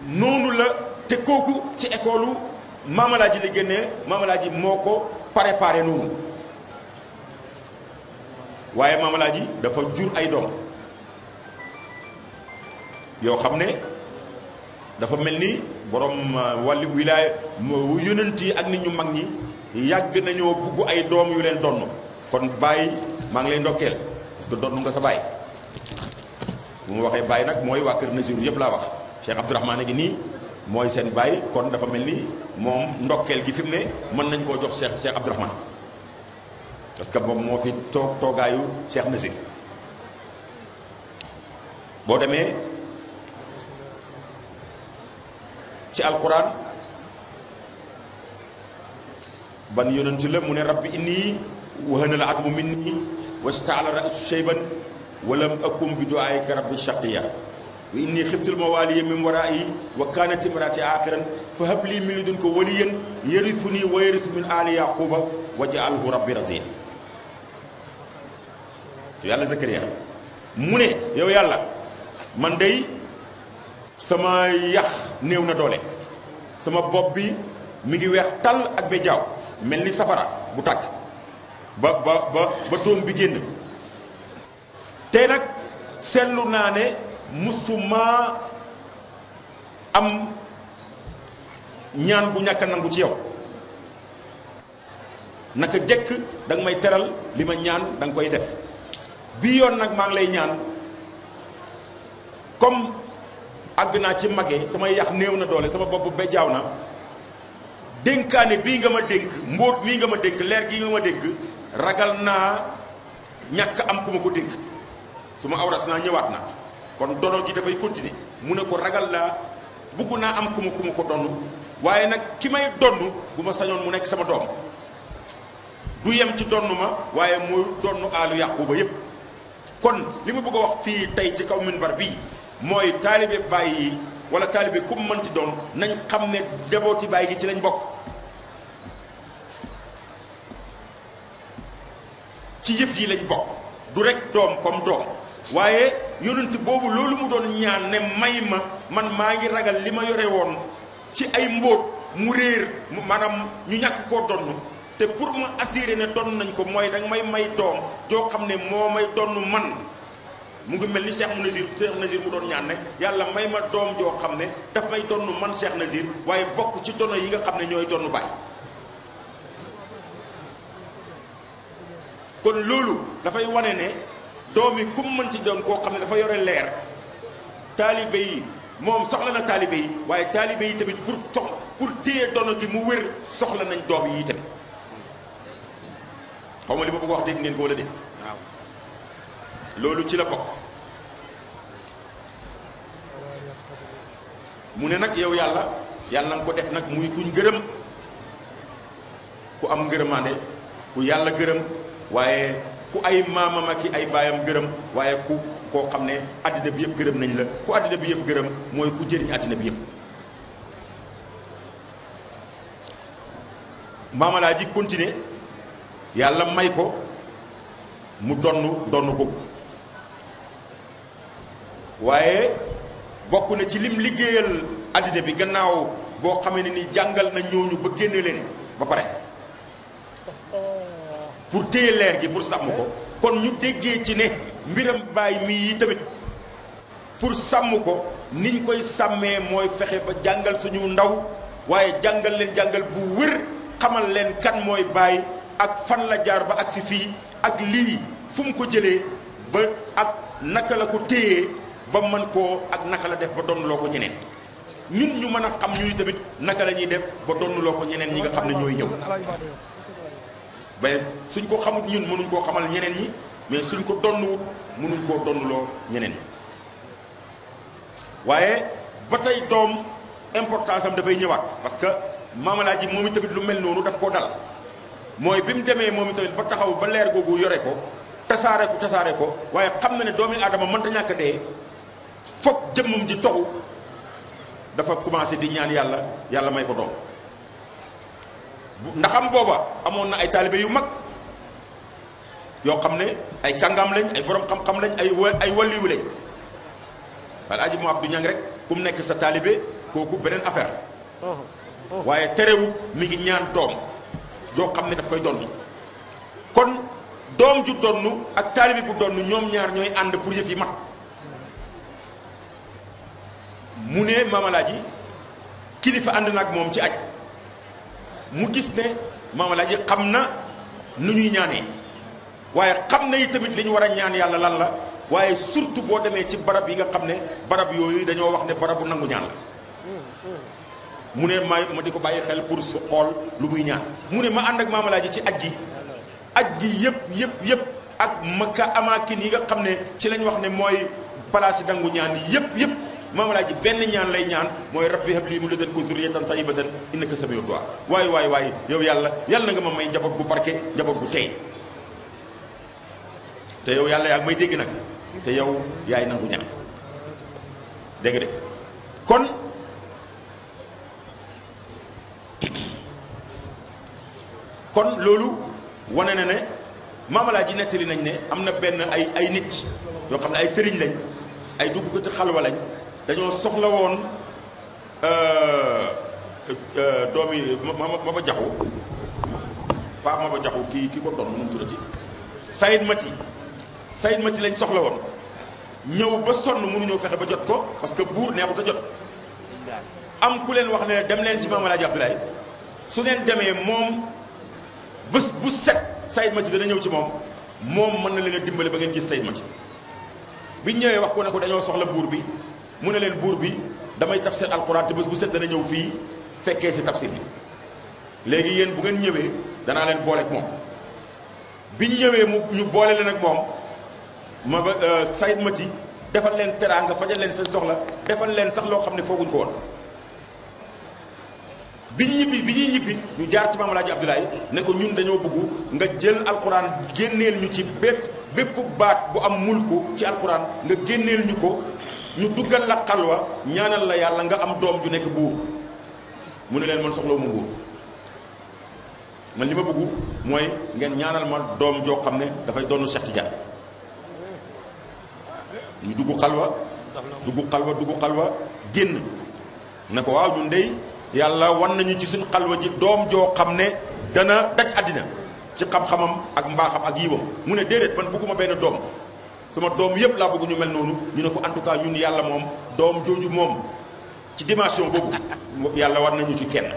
noonu la te kooku ci école maamalaaji li génnee maamalaaji moo ko préparé noonu waaye maamalaaji dafa jur ay doom yoo xam ne dafa mel ni borom euh, wàllu wilaay yonent yi ak nit ñu mag ñi yàgg nañoo bugg ay doom yu leen donn kon bàyyi maa ngi lay ndokkeel parce que donn nga sa bàyyi bu mu waxee bàyyi nag mooy waa kër Nasiru yëpp laa wax Cheikh Abdourahmane a ngi nii mooy seen baay kon dafa mel ni moom ndokkeel gi fi mu ne mën nañ koo jox Cheikh Cheikh Abdourahmane parce que moom moo fi toog toogaayu Cheikh Nasir boo demee ci alquran ban yonent la mu ne rab bi indi inni wahana la azmu minni wastaala rasu shayban walam akum bi duaayika rabbi shaqiya وإني خفت الموالي من ورائي وكانت امرأتي عاقرا فهب لي من لدنك وليا يرثني ويرث من آل يعقوب واجعله ربي رضيا to yàlla Zakariya mu ne yow yàlla man day sama yax néew na doole sama bopp bi mi ngi weex tàll ak bejaaw mel ni safara bu tàkk ba ba ba ba doom bi génn tey nag seetlu naa ne musuma am ñaan bu ñàkk nangu ci yow naka jekk da nga may teral li ma ñaan da nga koy def bi yoon nag maa ngi lay ñaan comme àgg naa ci magee sama yax néew na doole sama bopp ba na dénkaane bii nga ma dénk mbóot mii nga ma dénk leer gi nga ma dénk ragal naa ñàkk am ku ma ko dénk suma awras naa ñëwaat na kon dono gi dafay continuer mu ne ko ragal la bugg naa am ku ma ku ko donn waaye nag ki may donn bu ma sañoon mu nekk sama doom du yem ci donn ma waaye mooy donn aalu yàquba yépp kon li ma bëgg a wax fii tey ci kaw minbar bii mooy taalibe bàyyi yi wala taalibe ku mu mënti doon nañ xam ne jabooti baay gi ci lañ bokk ci yëf yi lañ bokk du rekk doom koom doom waaye yonent boobu loolu mu doon ñaan ne may ma man maa ngi ragal li ma yore woon ci ay mbóot mu réer maanaam ñu ñàkk koo donn te pour ma assurer ne donn nañ ko mooy danga may may doom joo xam ne moo may donn man mu ngi mel ni Cheikh Nazir Cheikh Nazir mu doon ñaan ne yàlla may ma doom joo xam ne daf may donn man Cheikh Nazir waaye bokk ci dono yi nga xam ne ñooy donn baay kon loolu dafay wane ne doom yi ku mu mën ci doon koo xam ne dafa yore leer taalibe yi moom soxla na taalibe yi waaye taalibe yi tamit pour sox pour téye dono gi mu wér soxla nañ doom yi tamit xaw ma li ma bëgg wax dégg ngeen ko wala dégg loolu ci la bokk mu ne nag yow yàlla yàlla nga ko def nag muy kuñ gërëm ku am ngërëmaande ku yàlla gërëm waaye ku ay maamam ak ay baayam gërëm waaye ku koo xam ne àddina bi yëpp gërëm nañ la ku àddina bi yëpp gërëm mooy ku jëriñ àddina bi yëpp maamalaa ji continuer yàlla may ko mu donn donn ko waaye bokk na ci lim liggéeyal àddina bi gannaaw boo xamee ne ni jàngal na ñooñu ba génne leen ba pare pour téye leer gi pour sàmm ko kon ñu déggee ci ne mbiram baay mii yi tamit pour sàmm ko niñ koy sàmmee mooy fexe ba jàngal suñu ndaw waaye jàngal leen jàngal bu wër xamal leen kan mooy bàyyi ak fan la jaar ba ak si fii ak lii fu mu ko jëlee ba ak naka la ko téyee ba mën koo ak naka la def ba doon loo ko ñeneen ñun ñu mën a xam ñuy tamit naka la ñuy def ba doon loo ko ñeneen ñi nga xam ne ñooy ñëw mais suñ ko xamut ñun mënuñ koo xamal ñeneen ñi mais suñ ko donnuwut mënuñ koo donnuloo ñeneen ñi waaye ba tey doom importance am dafay ñëwaat parce que maamalaa ji moom tamit lu mel noonu daf koo dal mooy bi mu demee moom i tamit ba taxaw ba leer googu yore ko tasaare ku tasaare ko waaye xam na ne doomi aadama mënta ñàkk dee foog jëmmam ji toxu dafa commencé di ñaan yàlla yàlla may ko doom ndax am booba amoon na ay taalibe yu mag yoo xam ne ay kàngam lañ ay borom xam-xam lañ ay ay walliw lañ alaaji mu Abdou Niang rek ku mu nekk sa taalibe kooku beneen affaire waaye terewut mi ngi ñaan doom yoo xam ne daf koy donn kon doom ju donn ak taalibe bu donn ñoom ñaar ñooy ànd pour yëf yi mat mu ne maamalaaji kilifa ànd na ak moom ci aj mu gis ne maam Alaaji xam na nu ñuy ñaanee waaye xam na yi tamit li war a ñaan yàlla lan la waaye surtout boo demee ci barab yi nga xam ne barab yooyu dañoo wax ne barabu nangu ñaan la mu ne ma ma di ko bàyyi xel pour su xool lu muy ñaan mu ne ma ànd ak maam Alaaji ci aj gi aj gi yëpp yëpp yëpp ak makka amaakin yi nga xam ne ci lañu wax ne mooy palaas yi nangu ñaan yëpp yëpp maam alaaji benn ñaan lay ñaan mooy rab lii rabbi habli min ladunka zurriyatan tayyibatan innaka samiu du'a waay waay waay yow yàlla yàlla na nga ma may njaboot gu barke njaboot gu tey te yow yàlla yaa may dégg nag te yow yaay nangu ñaan dégg de kon kon loolu wane na ne maamalaa ji nettali nañ ne am na benn ay ay nit yoo xam ne ay sëriñ lañ ay dugg ko te xalwa lañ dañoo soxla woon euh, euh, doomi Maba Jaxu Paa Maba Jaxu kii ki ko doon nu mu tuddati Sayid Mati Sayid Mati lañ soxla woon ñëw ba sonn mënuñoo fexe ba jot ko parce que buur neexut a jot am ku leen wax ne dem leen ci Maam Alaaji Abdoulaye su leen demee moom bés bu set Sayid Mati dana ñëw ci moom moom mën na leen a dimbale ba ngeen gis ma ci biñ ñëwee wax ko ne ko dañoo soxla buur bi mu ne leen buur bi damay tafsir alquran te bés bu set dana ñëw fii fekkee si tafsir bi léegi yéen bu ngeen ñëwee danaa leen boole ak moom bi ñu ñëwee mu ñu boole leen ak moom ma ba euh, Saïd Mati defal leen teraanga fajal leen seen soxla defal leen sax loo xam ne fooguñ ko woon bi ñibbi bi ñuy ñibbi ñu jaar ci maam Alaaji Abdoulaye ne ko ñun dañoo bugg nga jël alquran génneel ñu ci bépp bépp baat bu am mul ko ci alquran nga génneel ñu ko ñu duggal la xalwa ñaanal la yàlla nga am doom ju nekk buur mu ne leen man soxlawu mu buur man li ma bëggu mooy ngeen ñaanal ma doom joo xam ne dafay doonu Seex Tijaan ñu dugg xalwa dugg xalwa dugg xalwa génn na ko waaw ñu dey yàlla wan nañu ci suñ xalwa ji doom joo xam ne dana daj àddina ci xam-xamam ak mbaaxam ak yiwam mu ne déedéet man bëgguma benn doom sama doom yëpp laa bëgg ñu mel noonu ñu ne ko en tout cas yàlla moom doom jooju moom ci dimension boobu yàlla war nañu ci kenn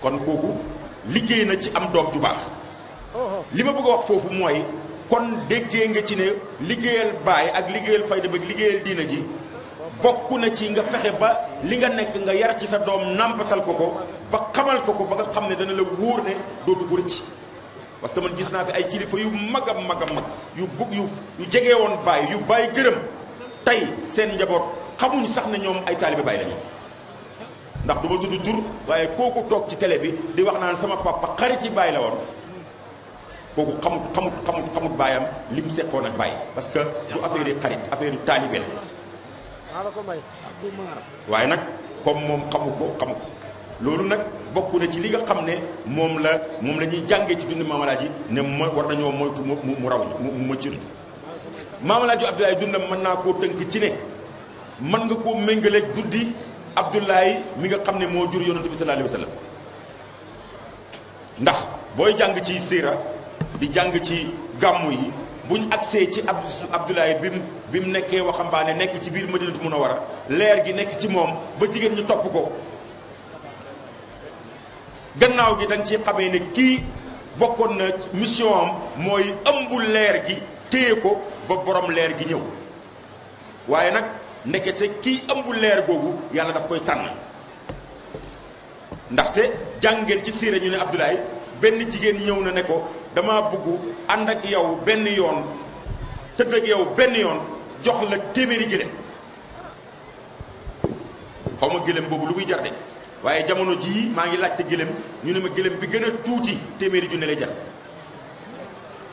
kon kooku liggéey na ci am doom ju baax li ma bëgg a wax foofu mooy kon déggee nga ci ne liggéeyal baay ak liggéeyal fayda bi ak liggéeyal diina ji bokk na ci nga fexe ba li nga nekk nga yar ci sa doom nàmpatal ko ko ba xamal ko ko ba nga xam ne dana la wóor ne dootu ko rëcc parce que man gis naa fi ay kilifa yu mag a mag a mag yu bugg yu yu jege woon bàyyi yu bàyyi gërëm tey seen njaboot xamuñ sax ne ñoom ay taalibe bàyyi lañu ndax du ma tudd tur waaye kooku toog ci télé bi di wax naa ne sama papa xarit yi bàyyi la woon kooku xamut xamut xamut xamut bàyyam lim sekkoon ak bàyyi parce que du affaire yi xarit affaire yu taalibe la waaye nag comme moom xamu ko xamu loolu nag bokk na ci li nga xam ne moom la moom la ñuy jàngee ci dund maamalaaji ne mo war nañoo moytu mu mu raw ñu mu mu mëccëriñu maamalaaji Abdoulaye dundam mën naa koo tënk ci ne mën nga koo méngaleeg duddi Abdoulaye mi nga xam ne moo jur yonent bi sallallahu alayhi wa sallam ndax booy jàng ci siira di jàng ci gàmmu yi bu ñu agsee ci ab Abdoulaye bi mu bi mu nekkee waxambaane nekk ci biir Madinatu Munawwara leer gi nekk ci moom ba jigéen ñi topp ko. gannaaw gi dañ ci xamee ne kii bokkoon na mission am mooy ëmbul leer gi téye ko ba boroom leer gi ñëw waaye nag ndekete kii ëmbul leer googu yàlla daf koy tànn ndaxte jàngeen ci siire ñu ne Abdoulaye benn jigéen ñëw na ne ko dama bëgg ànd ak yow benn yoon tëdd ak yow benn yoon jox la téeméeri gëléem xaw ma gëléem boobu lu kuy jar de waaye jamono jii maa ngi laajte gëlëm ñu ne ma gëlëm bi gën a tuuti téeméeri junne lay jar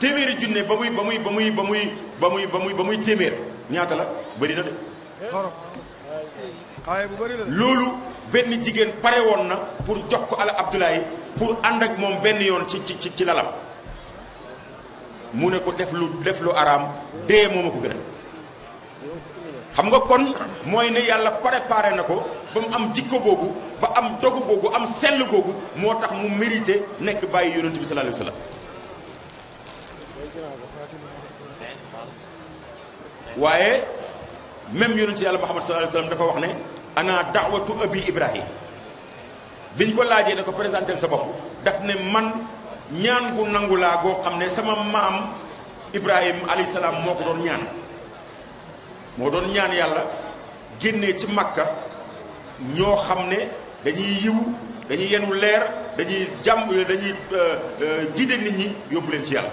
téeméeri junne ba muy ba muy ba muy ba muy ba muy ba muy ba muy téeméer ñaata la bëri na de. loolu benn jigéen pare woon na pour jox ko ala Abdoulaye pour ànd ak moom benn yoon ci ci ci lalam mu ne ko def lu def lu araam dee moom a ko xam nga kon mooy ne yàlla préparé na ko ba mu am jikko boobu. ba am dogu googu am sell googu moo tax mu mérité nekk bàyyi yonent bi sallallahu waaye wa sallam waaye yàlla Muhammad sallallahu alayhi wa sallam dafa wax ne ana da'watu abi ibrahim biñ ko laajee ne ko présenté sa bopp daf ne man ñaan gu nangu laa goo xam ne sama maam ibrahim alayhi salaam moo ko doon ñaan moo doon ñaan yàlla génnee ci makka ñoo xam ne dañuy yiwu dañuy yenu leer dañuy jàmm dañuy euh, euh, jiite nit ñi yóbbu leen ci yàlla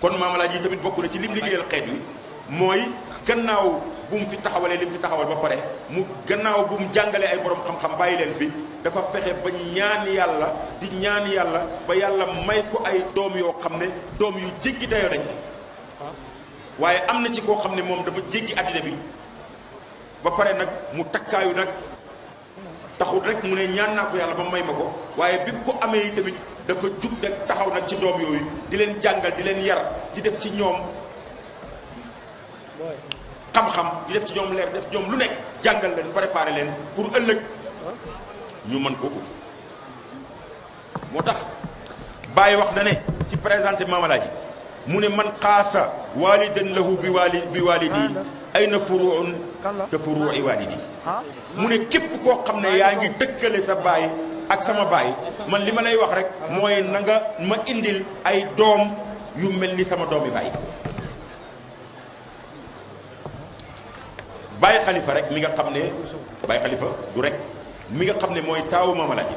kon Maam Alaaji tamit bokku na ci lim li liggéeyal xeet wi mooy gannaaw bu mu fi taxawalee li mu fi taxawal ba pare mu gannaaw bu mu jàngalee ay borom xam-xam bàyyi leen fi dafa fexe ba ñaan yàlla di ñaan yàlla ba yàlla may ko ay doom yoo xam ne doom yu jéggi dayoo dañ waaye am na ci koo xam ne moom dafa jéggi àddina bi ba pare nag mu takkaayu nag taxul rek mu ne ñaan ko yàlla ba may ma ko waaye bi ko amee yi tamit dafa jug nag taxaw nag ci doom yooyu di leen jàngal di leen yar di def ci ñoom xam-xam di def ci ñoom leer def ñoom lu nekk jàngal leen préparer leen pour ëllëg ñu mën koo ut moo tax Baye wax na ne ci présenté Mamalaaji mu ne man xaasa walidan lahu bi wali bi walidi أين فروع كفروع والدي من كيب كو خمنا ياغي دكل سا باي اك سما باي من لي مالاي واخ رك موي نغا ما انديل اي دوم يو ملني سما دومي باي باي خليفه رك ميغا خمنا باي خليفه دو رك ميغا خمنا موي تاو ماما لاجي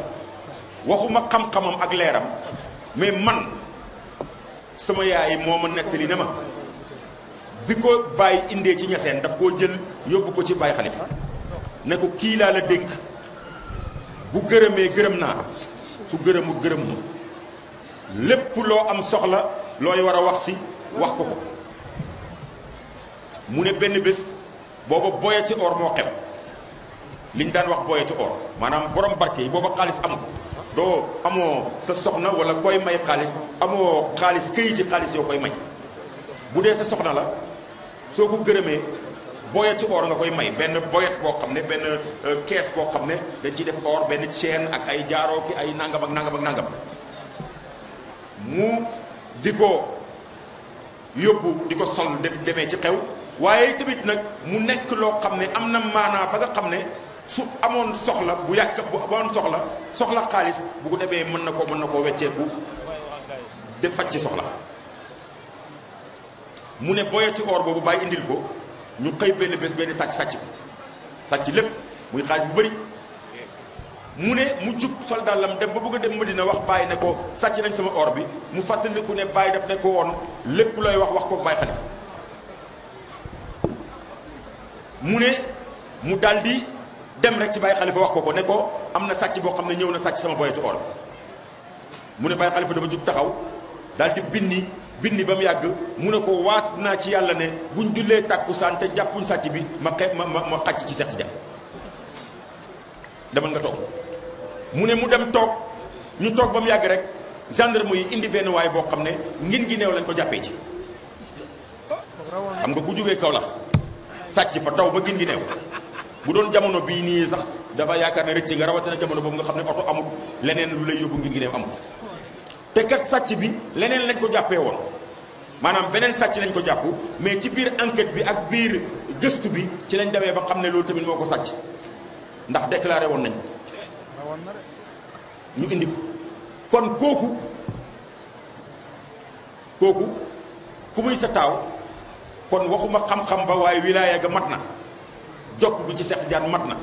واخوما خم خمم اك ليرام مي من سما ياي موما نتلي نما bi ko bàyyi indee ci ñaseen daf koo jël yóbbu ko ci bàyyi xalifa ne ko kii laa la dénk bu gërëmee gërëm naa su gërëmu gërëm na lépp loo am soxla looy war a wax si wax ko ko mu ne benn bés booba boye ci or moo xew liñ daan wax boye ci or maanaam borom barke yi booba xaalis amu ko doo amoo sa soxna wala koy may xaalis amoo xaalis këyiti xaalis yoo koy may bu dee sa soxna la soo ko gërëmee boyet ci or nga koy may benn boyet boo xam ne benn euh, kees boo xam ne dañ ciy def or benn chaîne ak ay jaaroo ki ay nangam ak nangam mu di ko yóbbu di ko sol dem demee ci xew waaye tamit nag mu nekk loo xam ne am na maanaa ba nga xam ne su amoon soxla bu yàq bu amoon soxla soxla xaalis bu ko demee mën na ko mën na koo weccee def faj ci soxla mu ne boyati or boobu baay indil ko ñu xëy benn bés benn sàcc sàcc ko sàcc lépp muy xaalis bu bari mu ne mu jub soldat lam dem ba bëgg a dem Medina wax bàyyi ne ko sàcc nañ sama or bi mu fàttaliku ne bàyyi daf ne ko woon lépp looy wax wax ko bàyyi xalifa mu ne mu daldi dem rek ci bàyyi xalifa wax ko ko ne ko am na sàcc boo xam ne ñëw na sàcc sama boyatu or bi mu ne bàyyi xalifa dafa jug taxaw daal di binni bindi ba mu yàgg mu ne ko waat naa ci yàlla ne buñ jullee tàkkusaan te jàppuñ sàcc bi ma xe ma ma ma xàcc ci set ja demal nga toog mu ne mu dem toog ñu toog ba mu yàgg rek gendarme yi indi benn waay boo xam ne ngin gi neew lañ ko jàppee ci xam nga ku jógee kaw la sàcc fa daw ba ngin gi neew bu doon jamono bii nii sax dafa yaakaar ne rëcc nga rawatina jamono boobu nga xam ne oto amul leneen lu lay yóbbu ngin gi neew amul te kat sàcc bi leneen lañ ko jàppee woon maanaam beneen sàcc lañ ko jàpp mais ci biir enquête bi ak biir gëstu bi ci lañ demee ba xam ne loolu tamit moo ko sàcc ndax déclaré woon nañ ko ñu indi ko kon kooku kooku ku muy sa taaw kon waxuma xam-xam ba waaye wilaaya ga mat na jokk gi ci Cheikh Diagne mat na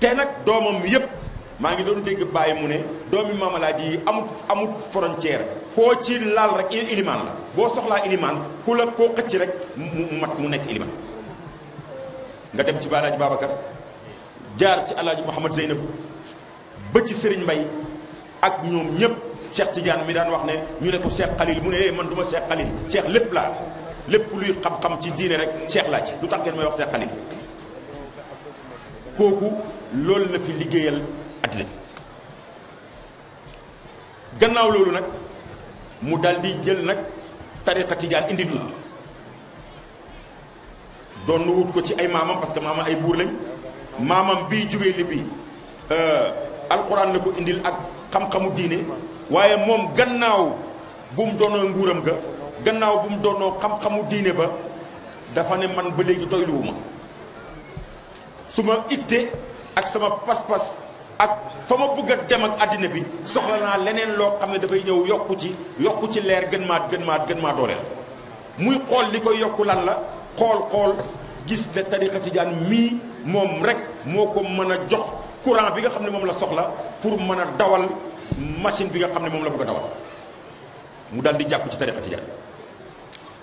te nag doomam yépp maa ngi doon dégg bàyyi mu ne doomi maamalaaji yi amut amut frontière koo ci laal rek ilimaan la boo soxlaa ilimaan ku la koo xëcc rek mu mat mu nekk ilimaan nga dem ci baalaaji Babacar jaar ci alaaji Mouhamad Zeynab ba ci Serigne Mbaye ak ñoom ñëpp Cheikh Tidiane mi daan wax ne ñu ne ko Cheikh Khalil mu ne eh, man duma ma Cheikh Khalil lépp laa lépp luy xam-xam ci diine rek Cheikh laa ci lu tax ngeen may wax Cheikh Khalil kooku loolu la fi liggéeyal attelé gannaaw loolu nag mu daal di jël nag tariqa tijaan indi ñu doon nu wut ko ci ay maamam parce que maamam ay buur lañ maamam bii jógee li bi euh, alquran ko indil ak xam-xamu diine waaye moom gannaaw bu mu doonoo nguuram ga gannaaw bu mu doonoo xam-xamu diine ba dafa ne man ba léegi doyluwuma su ma itte ak sama pas-pas ak fa ma bëgg dem ak àddina bi soxla naa leneen loo xam ne dafay ñëw yokku ci yokk ci leer gën maa gën maa gën maa dooleel muy xool li koy yokku lan la xool xool gis ne tariqa tijaan mii moom rek moo ko mën a jox courant bi nga xam ne moom la soxla pour mën a dawal machine bi nga xam ne moom la bëgg a dawal mu daal di jàpp ci tariqa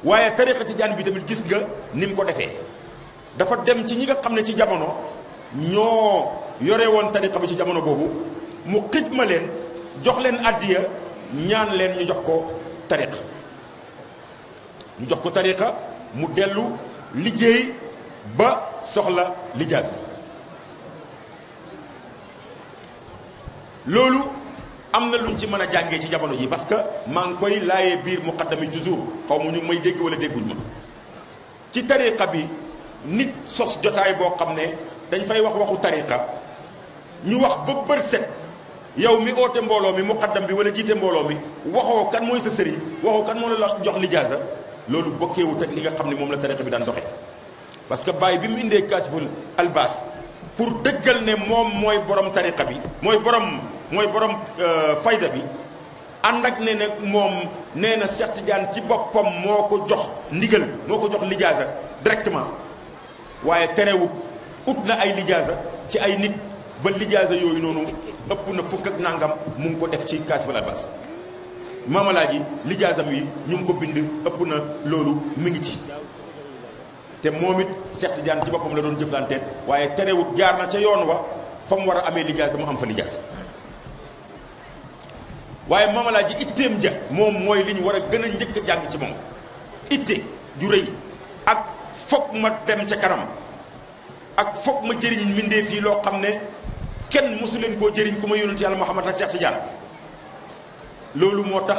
waaye tariqa tijaan bi tamit gis nga ni mu ko defee dafa dem ci ñi nga xam ne ci jamono ñoo yore woon tariqa bi ci jamono boobu mu xij ma leen jox leen addiya ñaan leen ñu jox ko tariqa mu jox ko tariqa mu dellu liggéey ba soxla lijaasa loolu am na luñ ci mën a jàngee ci jamono ji parce que maa ngi koy laayee biir muqaddami juzuur xaw mu ñu may dégg wala dégguñ ma ci tariqa bi nit sos jotaay boo xam ne dañ fay wax waxu tariqa ñu wax ba bër set yow mi oote mbooloo mi muqaddam bi wala jiite mbooloo mi waxoo kan mooy sa sëriñ waxoo kan moo la jox lijaasa loolu bokkeewut ak li nga xam ne moom la tariqa bi daan doxe parce que bàyyi bi mu indee kaasiful albas pour dëggal ne moom mooy borom tariqa bi mooy borom mooy borom fayda bi ànd ak ne ne moom nee na Cheikh Tidiane ci boppam moo ko jox ndigal moo ko jox lijaasa directement waaye terewut ut na ay lijaasa ci ay nit ba lijaasa yooyu noonu ëpp na fukk ak nangam mu ngi ko def ci Kaasifal Albas maamalaaji lijaasam yi ñu ngi ko bind ëpp na loolu mi ngi ci te moom it Cheikh ci boppam la doon jëflanteet waaye terewut jaar na ca yoon wa fa mu war a amee lijaasa mu am fa lijaasa waaye maamalaaji itteem ja moom mooy li ñu war a gën a njëkk a jàng ci moom itte ju rëy ak foog ma dem ca kanam ak foog ma jëriñ mbindeef yi loo xam ne kenn mosu leen koo jëriñ ku ma yónent yàlla Muhammad ak loolu moo tax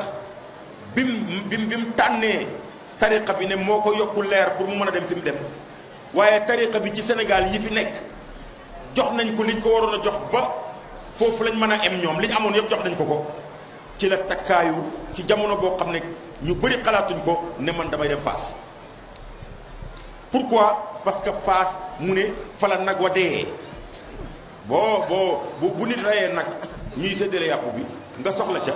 bim bim bim tànnee tariqa bi ne moo ko yokku leer pour mu mën a dem fi mu dem waaye tariqa bi ci senegal yi fi nekk jox nañ ko liñ ko waroon a jox ba foofu lañ mën a em ñoom liñ amoon yëpp jox nañ ko ko ci la takkaayu ci jamono boo xam ne ñu bëri xalaatuñ ko ne mën damay dem Fass parce que faas mu ne fa la nag wa dee boo boo bu nit rayee nag ñuy séddale yàpp bi nga soxla ca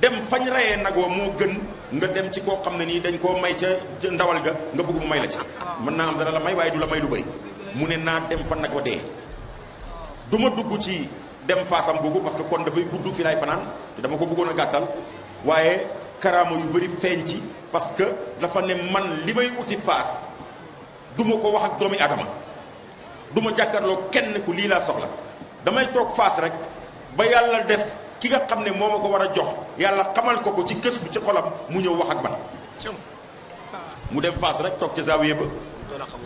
dem fañ rayee nag wa moo gën nga dem ci koo xam ne nii dañ koo may ca ndawal ga nga bëgg may la ca mën naa am dana la may waaye du la may lu bëri mu ne naa dem fa nag wa dee du dugg ci dem faasam googu parce que kon dafay gudd fi laay fanaan te dama ko bëggoon a gàttal waaye karaama yu bëri feeñ ci parce que dafa ne man li may uti faas duma ko wax ak doomi adama duma ma kenn ku lii laa soxla damay toog faas rek ba yàlla def ki nga xam ne moo ma ko war a jox yàlla xamal ko ko ci gëstu ci xolam mu ñëw wax ak man mu dem faas rek toog ca zaawiya ba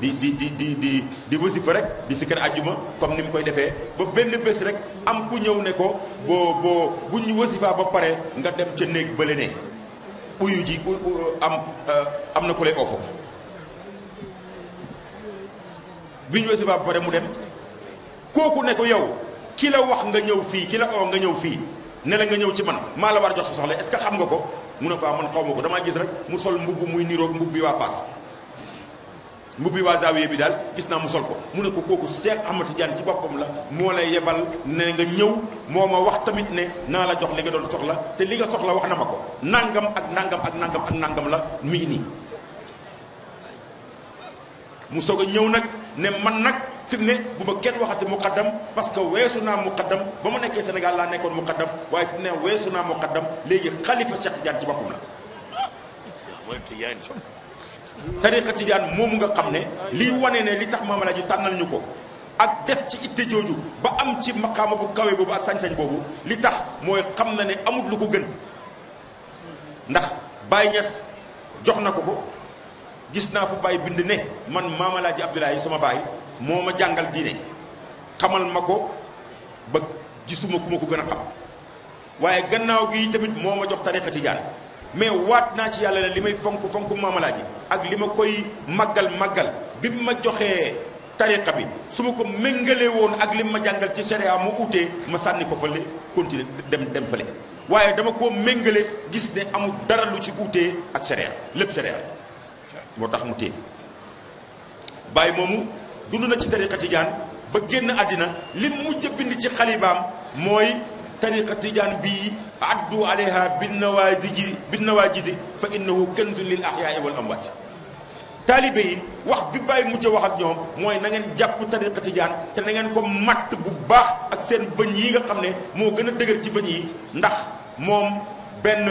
di di di di di di wasifa rek di sikkar àjjuma comme ni mu koy defee ba benn bés rek am ku ñëw ne ko boo boo bu ñu wasifaa ba pare nga dem ca néeg bële ne uyu ji am euh, am na ku lay oo foofu bi ñu weesu ba pare mu dem kooku ne ko yow ki la wax nga ñëw fii ki la oo nga ñëw fii ne la nga ñëw ci man maa la war a jox sa soxla est-ce que xam nga ko mu ne ko ah, man xaw ma ko damaa gis rek mu sol mbubb muy niroog mbub bi waa Fass mbubbi waa zaawiye bi daal gis naa mu sol ko mu ne ko kooku Cheikh Ahmadou Tidiane ci boppam la moo lay yebal ne nga ñëw moo ma wax tamit ne naa la jox li nga doon soxla te li nga soxla wax na ma ko nangam ak nangam ak nangam ak nangam la mi ngi mu soog a ñëw nag ne man nag fi ne bu ma kenn waxati muqaddam parce que weesu naa muqaddam ba mu nekkee Sénégal laa nekkoon muqaddam waaye fi mu ne weesu naa muqaddam léegi xalifa Cheikh Tidiane ci boppam la. tariqa Tidiane moom nga xam ne li wane ne li tax maama laaj tànnal ñu ko. ak def ci itte jooju ba am ci maqaama bu kawe boobu ak sañ-sañ boobu li tax mooy xam na ne amut lu ko gën ndax Baye Niass jox na ko ko. gis naa fu bàyyi bind ne man maam Alaaji Abdoulaye sama baay moo ma jàngal diine xamal ma ko ba suma ku ma ko gën a xam waaye gannaaw gi tamit moo ma jox tariqa tijaan mais waat naa ci yàlla ne li may fonk fonk maam Alaaji ak li ma koy màggal màggal bi ma joxee tariqa bi su ma ko méngalee woon ak li ma jàngal ci sharia mu utee ma sànni ko fële continuer dem dem fële waaye dama koo méngale gis ne amul dara lu ci utee ak sharia lépp sharia moo tax mu téye bàyyi moomu dund na ci tariqa ba génn àddina lim mujj bind ci xalibaam mooy bi tariqa tijaan bii addu alayha binnawaaziji binnawaajisi fa innahu kanzun lil ahyaai wal amwaat taalibe yi wax bi bàyyi mujj wax ak ñoom mooy nangeen jàpp tariqa tijaan te na ngeen ko matt bu baax ak seen bëñ yi nga xam ne moo gën a dëgër ci bëñ yi ndax moom benn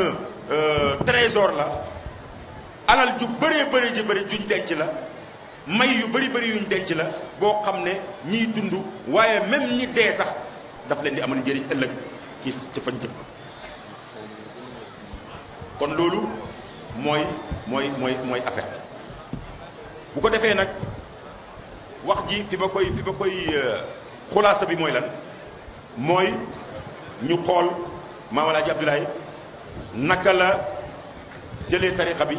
euh, trésor la alal ju bëree bëri ji bëri juñ denc la may yu bëri bëri yuñ denc la boo xam ne ñiy dund waaye même ñi dee sax daf leen di amal njëriñ ëllëg ci ci fañ jëm kon loolu mooy mooy mooy mooy affaire bu ko defee nag wax ji fi ba koy fi ba koy euh, xulaasa bi mooy lan mooy ñu xool Maam Alaaji Abdoulaye naka la jëlee tarixa bi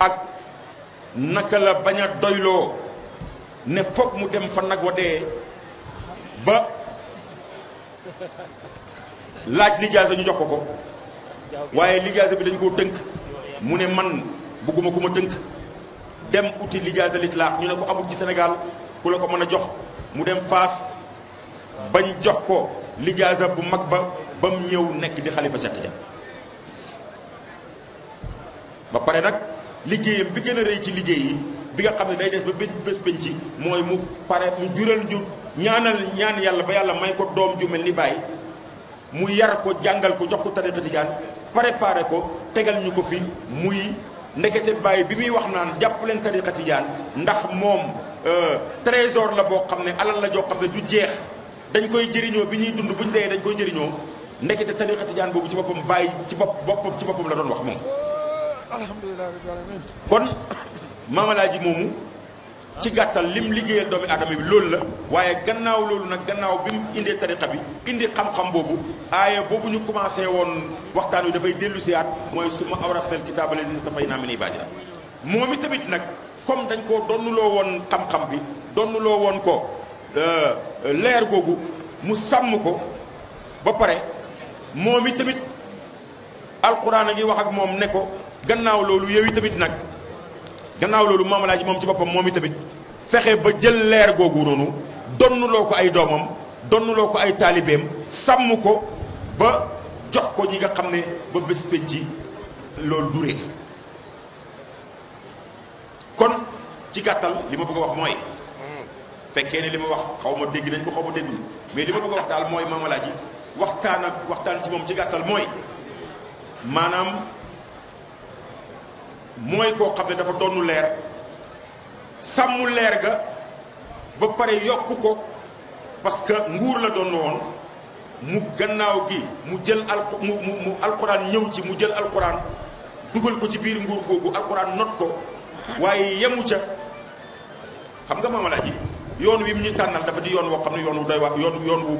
ak naka la bañ a doyloo ne foog mu dem fa nag wa dee ba laaj lijaasa ñu jox ko ko waaye lijaasa bi dañ koo tënk mu ne man bëgguma ku ma tënk dem uti lijaasa litlaax ñu ne ko amul ci Sénégal ku la ko mën a jox mu dem Faas bañ jox ko lijaasa bu mag ba ba mu ñëw nekk di xalifa Cheikh Tidiane ba pare nag liggéeyam bi gën a rëy ci liggéey yi bi nga xam ne day des ba bés pénc ci mooy mu pare mu jural ju ñaanal ñaan yàlla ba yàlla may ko doom ju mel ni bàyyi mu yar ko jàngal ko jox ko tariqa tijaan préparé ko tegal ñu ko fi muy ndekete bàyyi bi muy wax naan jàpp leen tariqa tijaan ndax moom euh, trésor la boo xam ne alal la joo xam ne du jeex dañ koy jëriñoo bi ñuy dund bu ñu dee dañ koy jëriñoo ndekete tariqa tijaan boobu ci boppam bàyyi ci bopp boppam ci boppam la doon wax moom alhamdulilah rabbil alamin kon maamalaaji moomu ci gàttal lim liggéeyal doomi aadama bi loolu la waaye gannaaw loolu nag gannaaw bi mu indee tariqa bi indi xam-xam boobu aaya boobu ñu commencé woon waxtaan wi dafay dellu at mooy suma awrasnal kitaaba lazina istafaynaa min ibaadinaa moom it tamit nag comme dañ koo donnuloo woon xam-xam bi donnuloo woon ko euh, leer googu mu sàmm ko ba pare moom it tamit alquran a ngi wax ak moom ne ko gannaaw loolu yow yi tamit nag gannaaw loolu maam Alaaji moom ci boppam moom i tamit fexe ba jël leer googu noonu donnuloo ko ay doomam donnuloo ko ay taalibeem sàmm ko ba jox ko ñi nga xam ne ba bés ji loolu duree kon ci gàttal li ma bëgg a wax mooy fekkee ne li ma wax xaw ma dégg nañ ko xaw ma déggul mais li ma bëgg a wax daal mooy maam Alaaji waxtaan ak waxtaan ci moom ci gàttal mooy maanaam mooy koo xam ne dafa doonu leer sàmm leer ga ba pare yokk ko parce que nguur la doon woon mu gannaaw gi mu jël al mu mu alquran ñëw ci mu jël alquran dugal ko ci biir nguur googu alquran not ko waaye yemu ca xam nga maama laa ji yoon wii mu ñu tànnal dafa di yoon woo xam ne yoon wu day wax yoon yoon wu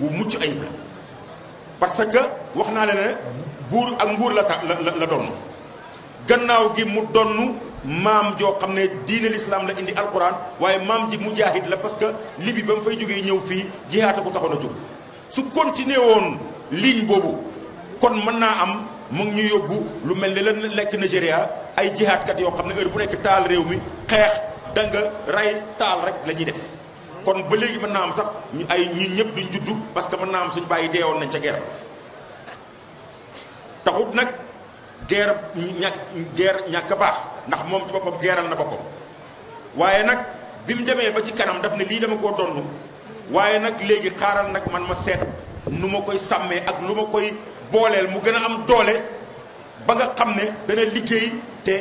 wu mucc ayib la parce que wax naa la ne buur ak nguur la ta la la doon. gannaaw gi mu donn maam joo xam ne diine lislaam la indi alquran waaye maam ji mujaahid la parce que li bi ba mu fay jógee ñëw fii jihaata ko taxoon a jóg su continuer woon ligne boobu kon mën naa am mu ngi yóbbu lu mel ni la lekk Nigéria ay jihaatkat yoo xam ne heure bu nekk taal réew mi xeex danga rey taal rek la ñuy def kon ba léegi mën naa am sax ñu ay ñun ñëpp duñ juddu parce que mën naa am suñu bàyyi deewoon nañ ca guerre taxut nag geer ñàkk geer ñàkk baax ndax moom ci boppam geeral na boppam waaye nag bi mu demee ba ci kanam daf ne lii dama koo donn waaye nag léegi xaaral nag man ma seet nu ma koy sàmmee ak lu ma koy booleel mu gën a am doole ba nga xam ne dana liggéey te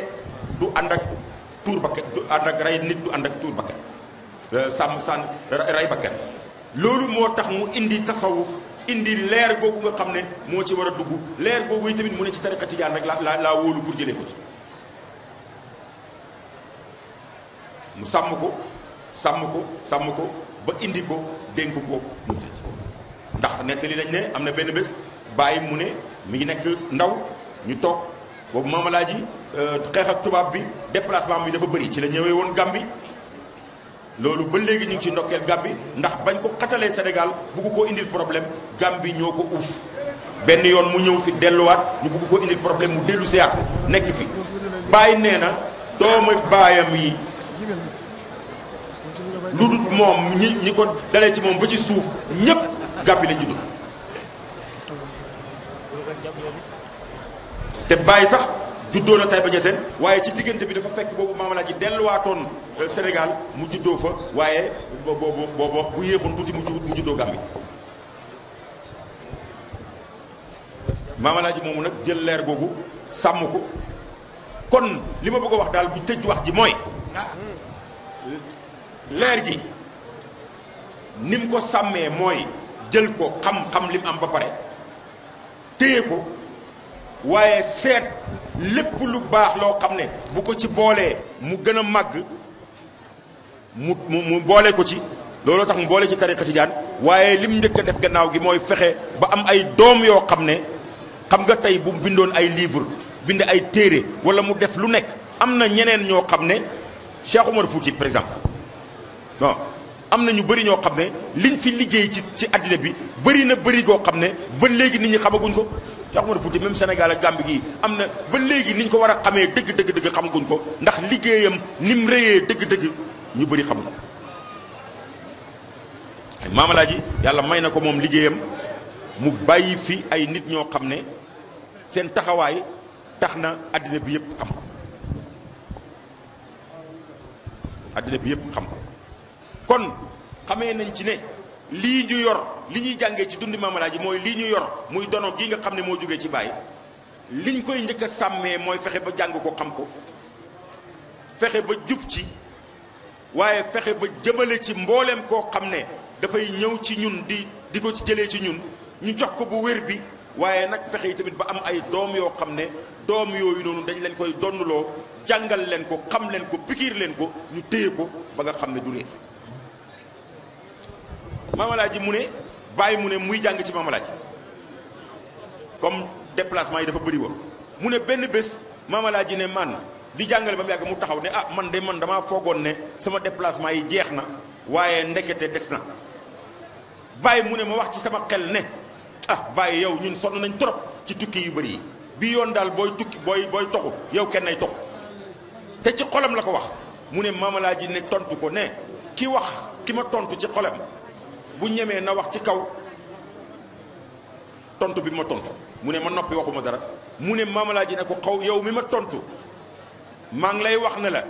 du ànd ak tuur bakkan du ànd ak rey nit du ànd ak tuur bakkan euh, sàmm sànn rey bakkan loolu moo tax mu indi tasawuf indi leer googu nga xam ne moo ci war a dugg leer googu yi tamit mu ne ci tariqa tijaan rek la laa wóolu pour jëlee ko ci mu sàmm ko sàmm ko sàmm ko ba indi ko dénk ko mu ndax nettali dañ ne am na benn bés bàyyi mu ne mi ngi nekk ndaw ñu toog boobu maamalaa ji euh, xeex ak tubaab bi déplacement bi dafa bëri ci la ñëwee woon Gàmbi loolu ba léegi ñu ngi ci ndokkeel gàbbi ndax bañ ko xatalee senegal bugg koo indil problème bi ñoo ko uuf benn yoon mu ñëw fi delluwaat ñu bugg koo indil problème mu dellu siyaat nekk fi bàyyi nee na doomu baayam yi lu dul moom ñi ñi ko dalee ci moom ba ci suuf ñépp Gàmbi la judd te bàyyi sax juddoo na Taïba Niassène waaye ci diggante bi dafa fekk boobu Maam Alaaji delluwaatoon euh, Sénégal mu juddoo fa waaye boobu boobu bu yéexoon tuuti mu juddoo Gàmbi Maam Alaaji moomu nag jël leer googu sàmm ko kon li ma bëgg a wax daal bu tëj wax ji mooy leer gi nim ko sàmmee mooy jël ko xam-xam li am ba pare téye ko waaye seet lépp lu baax loo xam ne bu ko ci boolee mu gën a màgg mu mu boole ko ci looloo tax mu boole ci tariqa tijaan waaye lim njëkk a def gannaaw gi mooy fexe ba am ay doom yoo xam ne xam nga tey bu bindoon ay livre bind ay téere wala mu def lu nekk am na ñeneen ñoo xam ne Cheikh Omar Fouti par exemple non am na ñu bëri ñoo xam ne liñ fi liggéey ci ci àddina bi bari na bëri goo xam ne ba léegi nit ñi xamaguñ ko Cheikh Oumar Fouti même Sénégal ak Gambie gii am na ba léegi ni ñu ko war a xamee dëgg dëgg dëgg xamaguñ ko ndax liggéeyam ni mu rëyee dëgg dëgg ñu bari xamuñ ko. ay maamalaaji yàlla may na ko moom liggéeyam mu bàyyi fi ay nit ñoo xam ne seen taxawaay tax na àddina bi yëpp xam ko àddina bi yëpp xam ko kon xamee nañ ci ne. lii ñu yor li ñuy jàngee ci dund Maam Alaaji mooy lii ñu yor muy dono gi nga xam ne moo jógee ci baay liñ koy njëkk a sàmmee mooy fexe ba jàng ko xam ko fexe ba jub ci waaye fexe ba jëmale ci mbooleem koo xam ne dafay ñëw ci ñun di di ko ci jëlee ci ñun ñu jox ko bu wér bi waaye nag fexe yi tamit ba am ay doom yoo xam ne doom yooyu noonu dañ leen koy donnuloo jàngal leen ko xam leen ko pikiir leen ko ñu téye ko ba nga xam ne du réer maamalaaji mu ne bàyyi mu ne muy jàng ci maamalaaji comme déplacement yi dafa bëri woon mu ne benn bés maamalaaji ne man di jàngale ba mu yàgg mu taxaw ne ah man de man damaa foogoon ne sama déplacement yi jeex na waaye ndekete des na bàyyi mu ne ma wax ci sama xel ne a ah, bàyyi yow ñun sonn nañ trop ci tukki yu bëri yi bii yoon daal booy tukki booy booy toxu yow kenn ay toxu te ci xolam la ko wax mu ne maamalaaji ne tontu ko ne ki wax ki ma tontu ci xolam bu ñemee na wax ci kaw tontu bi ma tontu mu ne ma noppi waxuma dara mu ne maamalaaji ne ko xaw yow mi ma tontu maa ngi lay wax ne la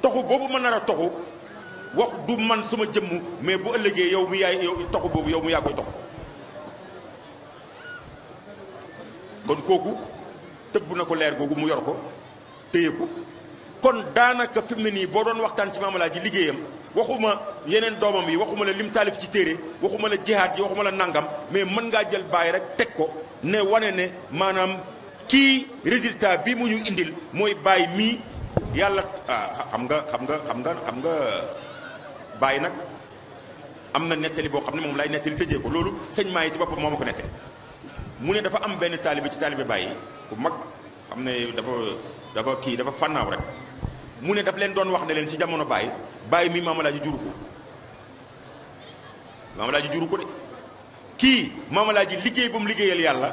toxu boobu ma nar a toxu wax du man sama jëmm mais bu ëllëgee yow mi yaay yow toxu boobu yow mi yaa koy toxu kon kooku tëbb na ko leer googu mu yor ko téye ko kon daanaka fi mu ne nii boo doon waxtaan ci maamalaaji liggéeyam waxuma yeneen doomam yi waxuma la lim taalif ci téere waxuma la jihaad ji waxuma la nangam mais mën ngaa jël bàyyi rek teg ko ne wane ne maanaam kii résultat bi mu ñu indil mooy bàyyi mii yàlla ah, xam nga xam nga xam nga xam nga bàyyi nag am na nettali boo xam ne moom lay nettali ko loolu sëñ maa yi ci boppam moo ma ko nettali mu ne dafa am benn taalibe ci taalibe bàyyi ku mag xam ne dafa dafa kii dafa fànnaaw rek mu ne daf leen doon wax ne leen ci jamono bàyyi bàyyi mii maam Alaaji juru ko maam Alaaji juru ko de kii maam Alaaji liggéey ba mu liggéeyal yàlla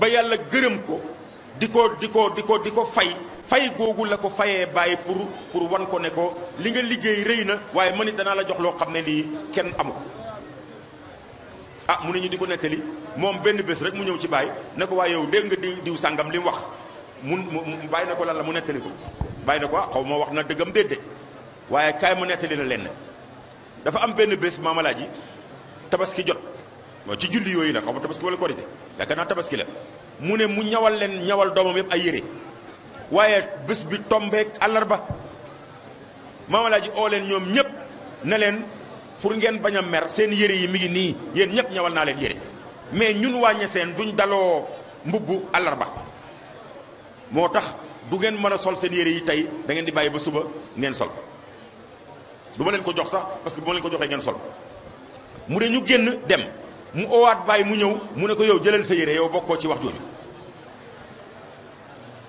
ba yàlla gërëm ko di ko di ko di ko di ko fay fay googu la ko fayee bàyyi pour pour wan ko ne ko li nga liggéey rëy na waaye man it danaa la jox loo xam ne lii kenn amu a ah mu ne ñu di ko nettali moom benn bés rek mu ñëw ci bàyyi ne ko waaye yow dégg nga diw diw sàngam li mu wax mun mu bàyyi na ko lan mu nettali ko bàyyi na ko ah xaw ma wax na dëggam déedéet waye kay mu netali na len dafa am benn mama laji tabaski jot mo ci julli yoy la xam tabaski wala korité da kana tabaski la mu ne mu ñawal len ñawal domam yeb ay yere waye bes bi alarba mama laji o len ñom ñep na len pour ngeen baña mer seen yere yi mi ngi ni yeen ñep ñawal na len yere mais ñun wañe seen duñ dalo mbubu alarba motax du ngeen sol seen yere yi tay da ngeen di baye ba suba ngeen sol du ma leen ko jox sax parce que bu ma leen ko joxee ngeen sol mu de ñu génn dem mu oowaat bàyyi mu ñëw mu ne ko yow jëlal sa yére yow bokkoo ci wax jooju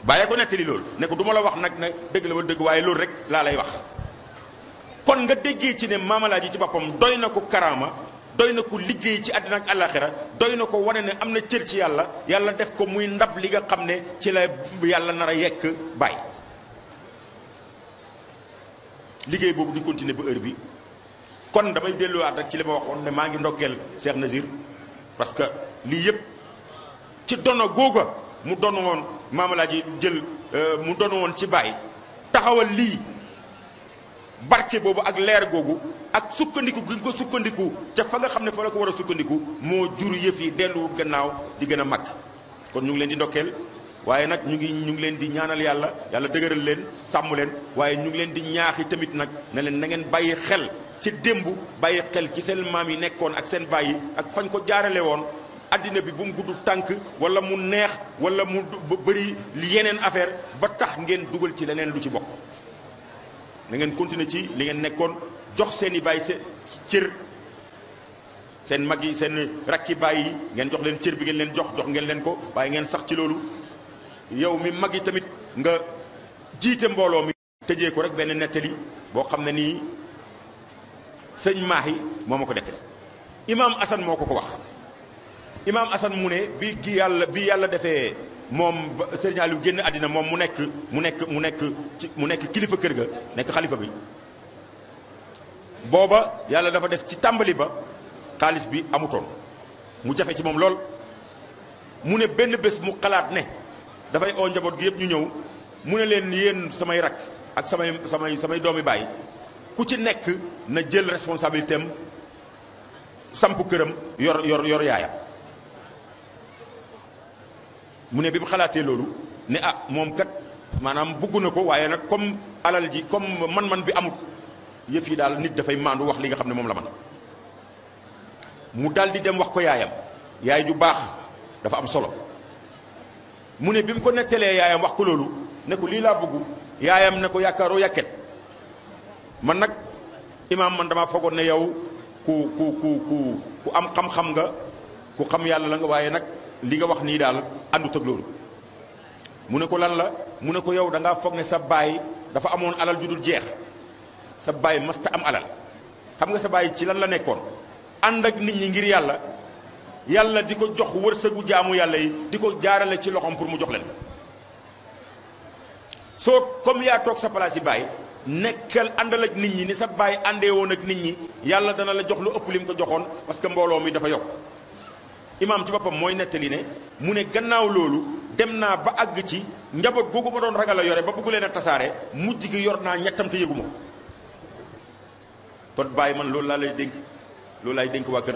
bàyyee ko nettali loolu ne ko du la wax nag ne dëgg la ma dëgg waaye loolu rek laa lay wax kon nga déggee ci ne maamalaaji ci boppam doy na ko karaama doy na ko liggéey ci àddina ak àllaaxira doy na ko wane ne am na cër ci yàlla yàlla def ko muy ndab li nga xam ne ci la yàlla nar a yekk bàyyi liggéey boobu di continuer ba heure bi kon damay delluwaat rek ci li ma waxoon ne maa ngi ndokkeel Cheikh Nazir parce que lii yëpp ci dono googa mu doon woon maamalaaji jël euh, mu doon woon ci bàyyi taxawal lii barke boobu ak leer googu ak sukkandiku gi ko sukkandiku ca fa nga xam ne fa la ko war a sukkandiku moo jur yëf yi delluwul gannaaw di gën a mag kon ñu ngi leen di ndokkeel waye nak ñu ngi ñu ngi leen di ñaanal yalla yalla dëgëral leen sàmm leen waye ñu ngi leen di ñaaxi tamit nak na leen na ngeen bayyi xel ci dembu bayyi xel ci seen maam yi nekkoon ak seen bayyi ak fañ ko jaarale woon adina bi bu mu gudd tank wala mu neex wala mu bari yeneen affaire ba tax ngeen dugal ci leneen lu ci bokk na ngeen continuer ci li ngeen nekkoon jox seen bayyi se cër sen magi sen seen rakki bayyi ngeen jox leen cër bi ngeen leen jox jox ngeen leen ko ngeen sax ci lolu yow mi mag yi tamit nga jiite mbooloo mi tëjee ko rek benn nettali boo xam ne nii sëñ Maahi moo ma ko nettali imaam Assane moo ko ko wax imaam Assane mu ne bi gi yàlla bi yàlla defee moom sëriñ génn àddina moom mu nekk mu nekk mu nekk mu nekk kilifa kër ga nekk xalifa bi booba yàlla dafa def ci tàmbali ba xaalis bi amutoon mu jafe ci moom lool mu ne benn bés mu xalaat ne fay on jabot gi yëpp ñu ñew mu ne len yeen samay rak ak samay samay samay doomi bay ku ci nek na jël responsabilité samp yor yor yor yaayam mu ne bi mu xalaatee loolu ne ah moom kat maanaam bugg na ko waaye nag comme alal ji comme man-man bi amut yëf yi daal nit dafay maandu wax li nga xam ne moom la man mu daal di dem wax ko yaayam yaay ju baax dafa am solo mu ne bi mu ko nettalee yaayam wax ko loolu ne ko lii laa bëgg yaayam ne ko yaakaaroo yàkket man nag imaam man damaa foogoon ne yow ku ku ku ku ku am xam-xam nga ku xam yàlla la nga waaye nag li nga wax nii daal àndut ak loolu mu ne ko lan la mu ne ko yow da ngaa foog ne sa baay dafa amoon alal ju dul jeex sa baay masta am alal xam nga sa baay ci lan la nekkoon ànd ak nit ñi ngir yàlla yàlla di ko jox wërsëgu jaamu yàlla yi di ko jaarale ci loxoom pour mu jox leen soo comme yaa toog sa place yi bàyyi nekkal àndal ak nit ñi ni sa bàyyi àndee woon ak nit ñi yàlla dana la jox lu ëpp lim ko joxoon parce que mbooloo mi dafa yokk imaam ci boppam mooy nettali ne mu ne gannaaw loolu dem naa ba àgg ci njaboot googu ma doon ragal a yore ba bëgg leen a tasaare mujj gi yor naa ñettam te yëguma ko kon bàyyi man loolu laa lay dénk loolu laay dénk waa Kër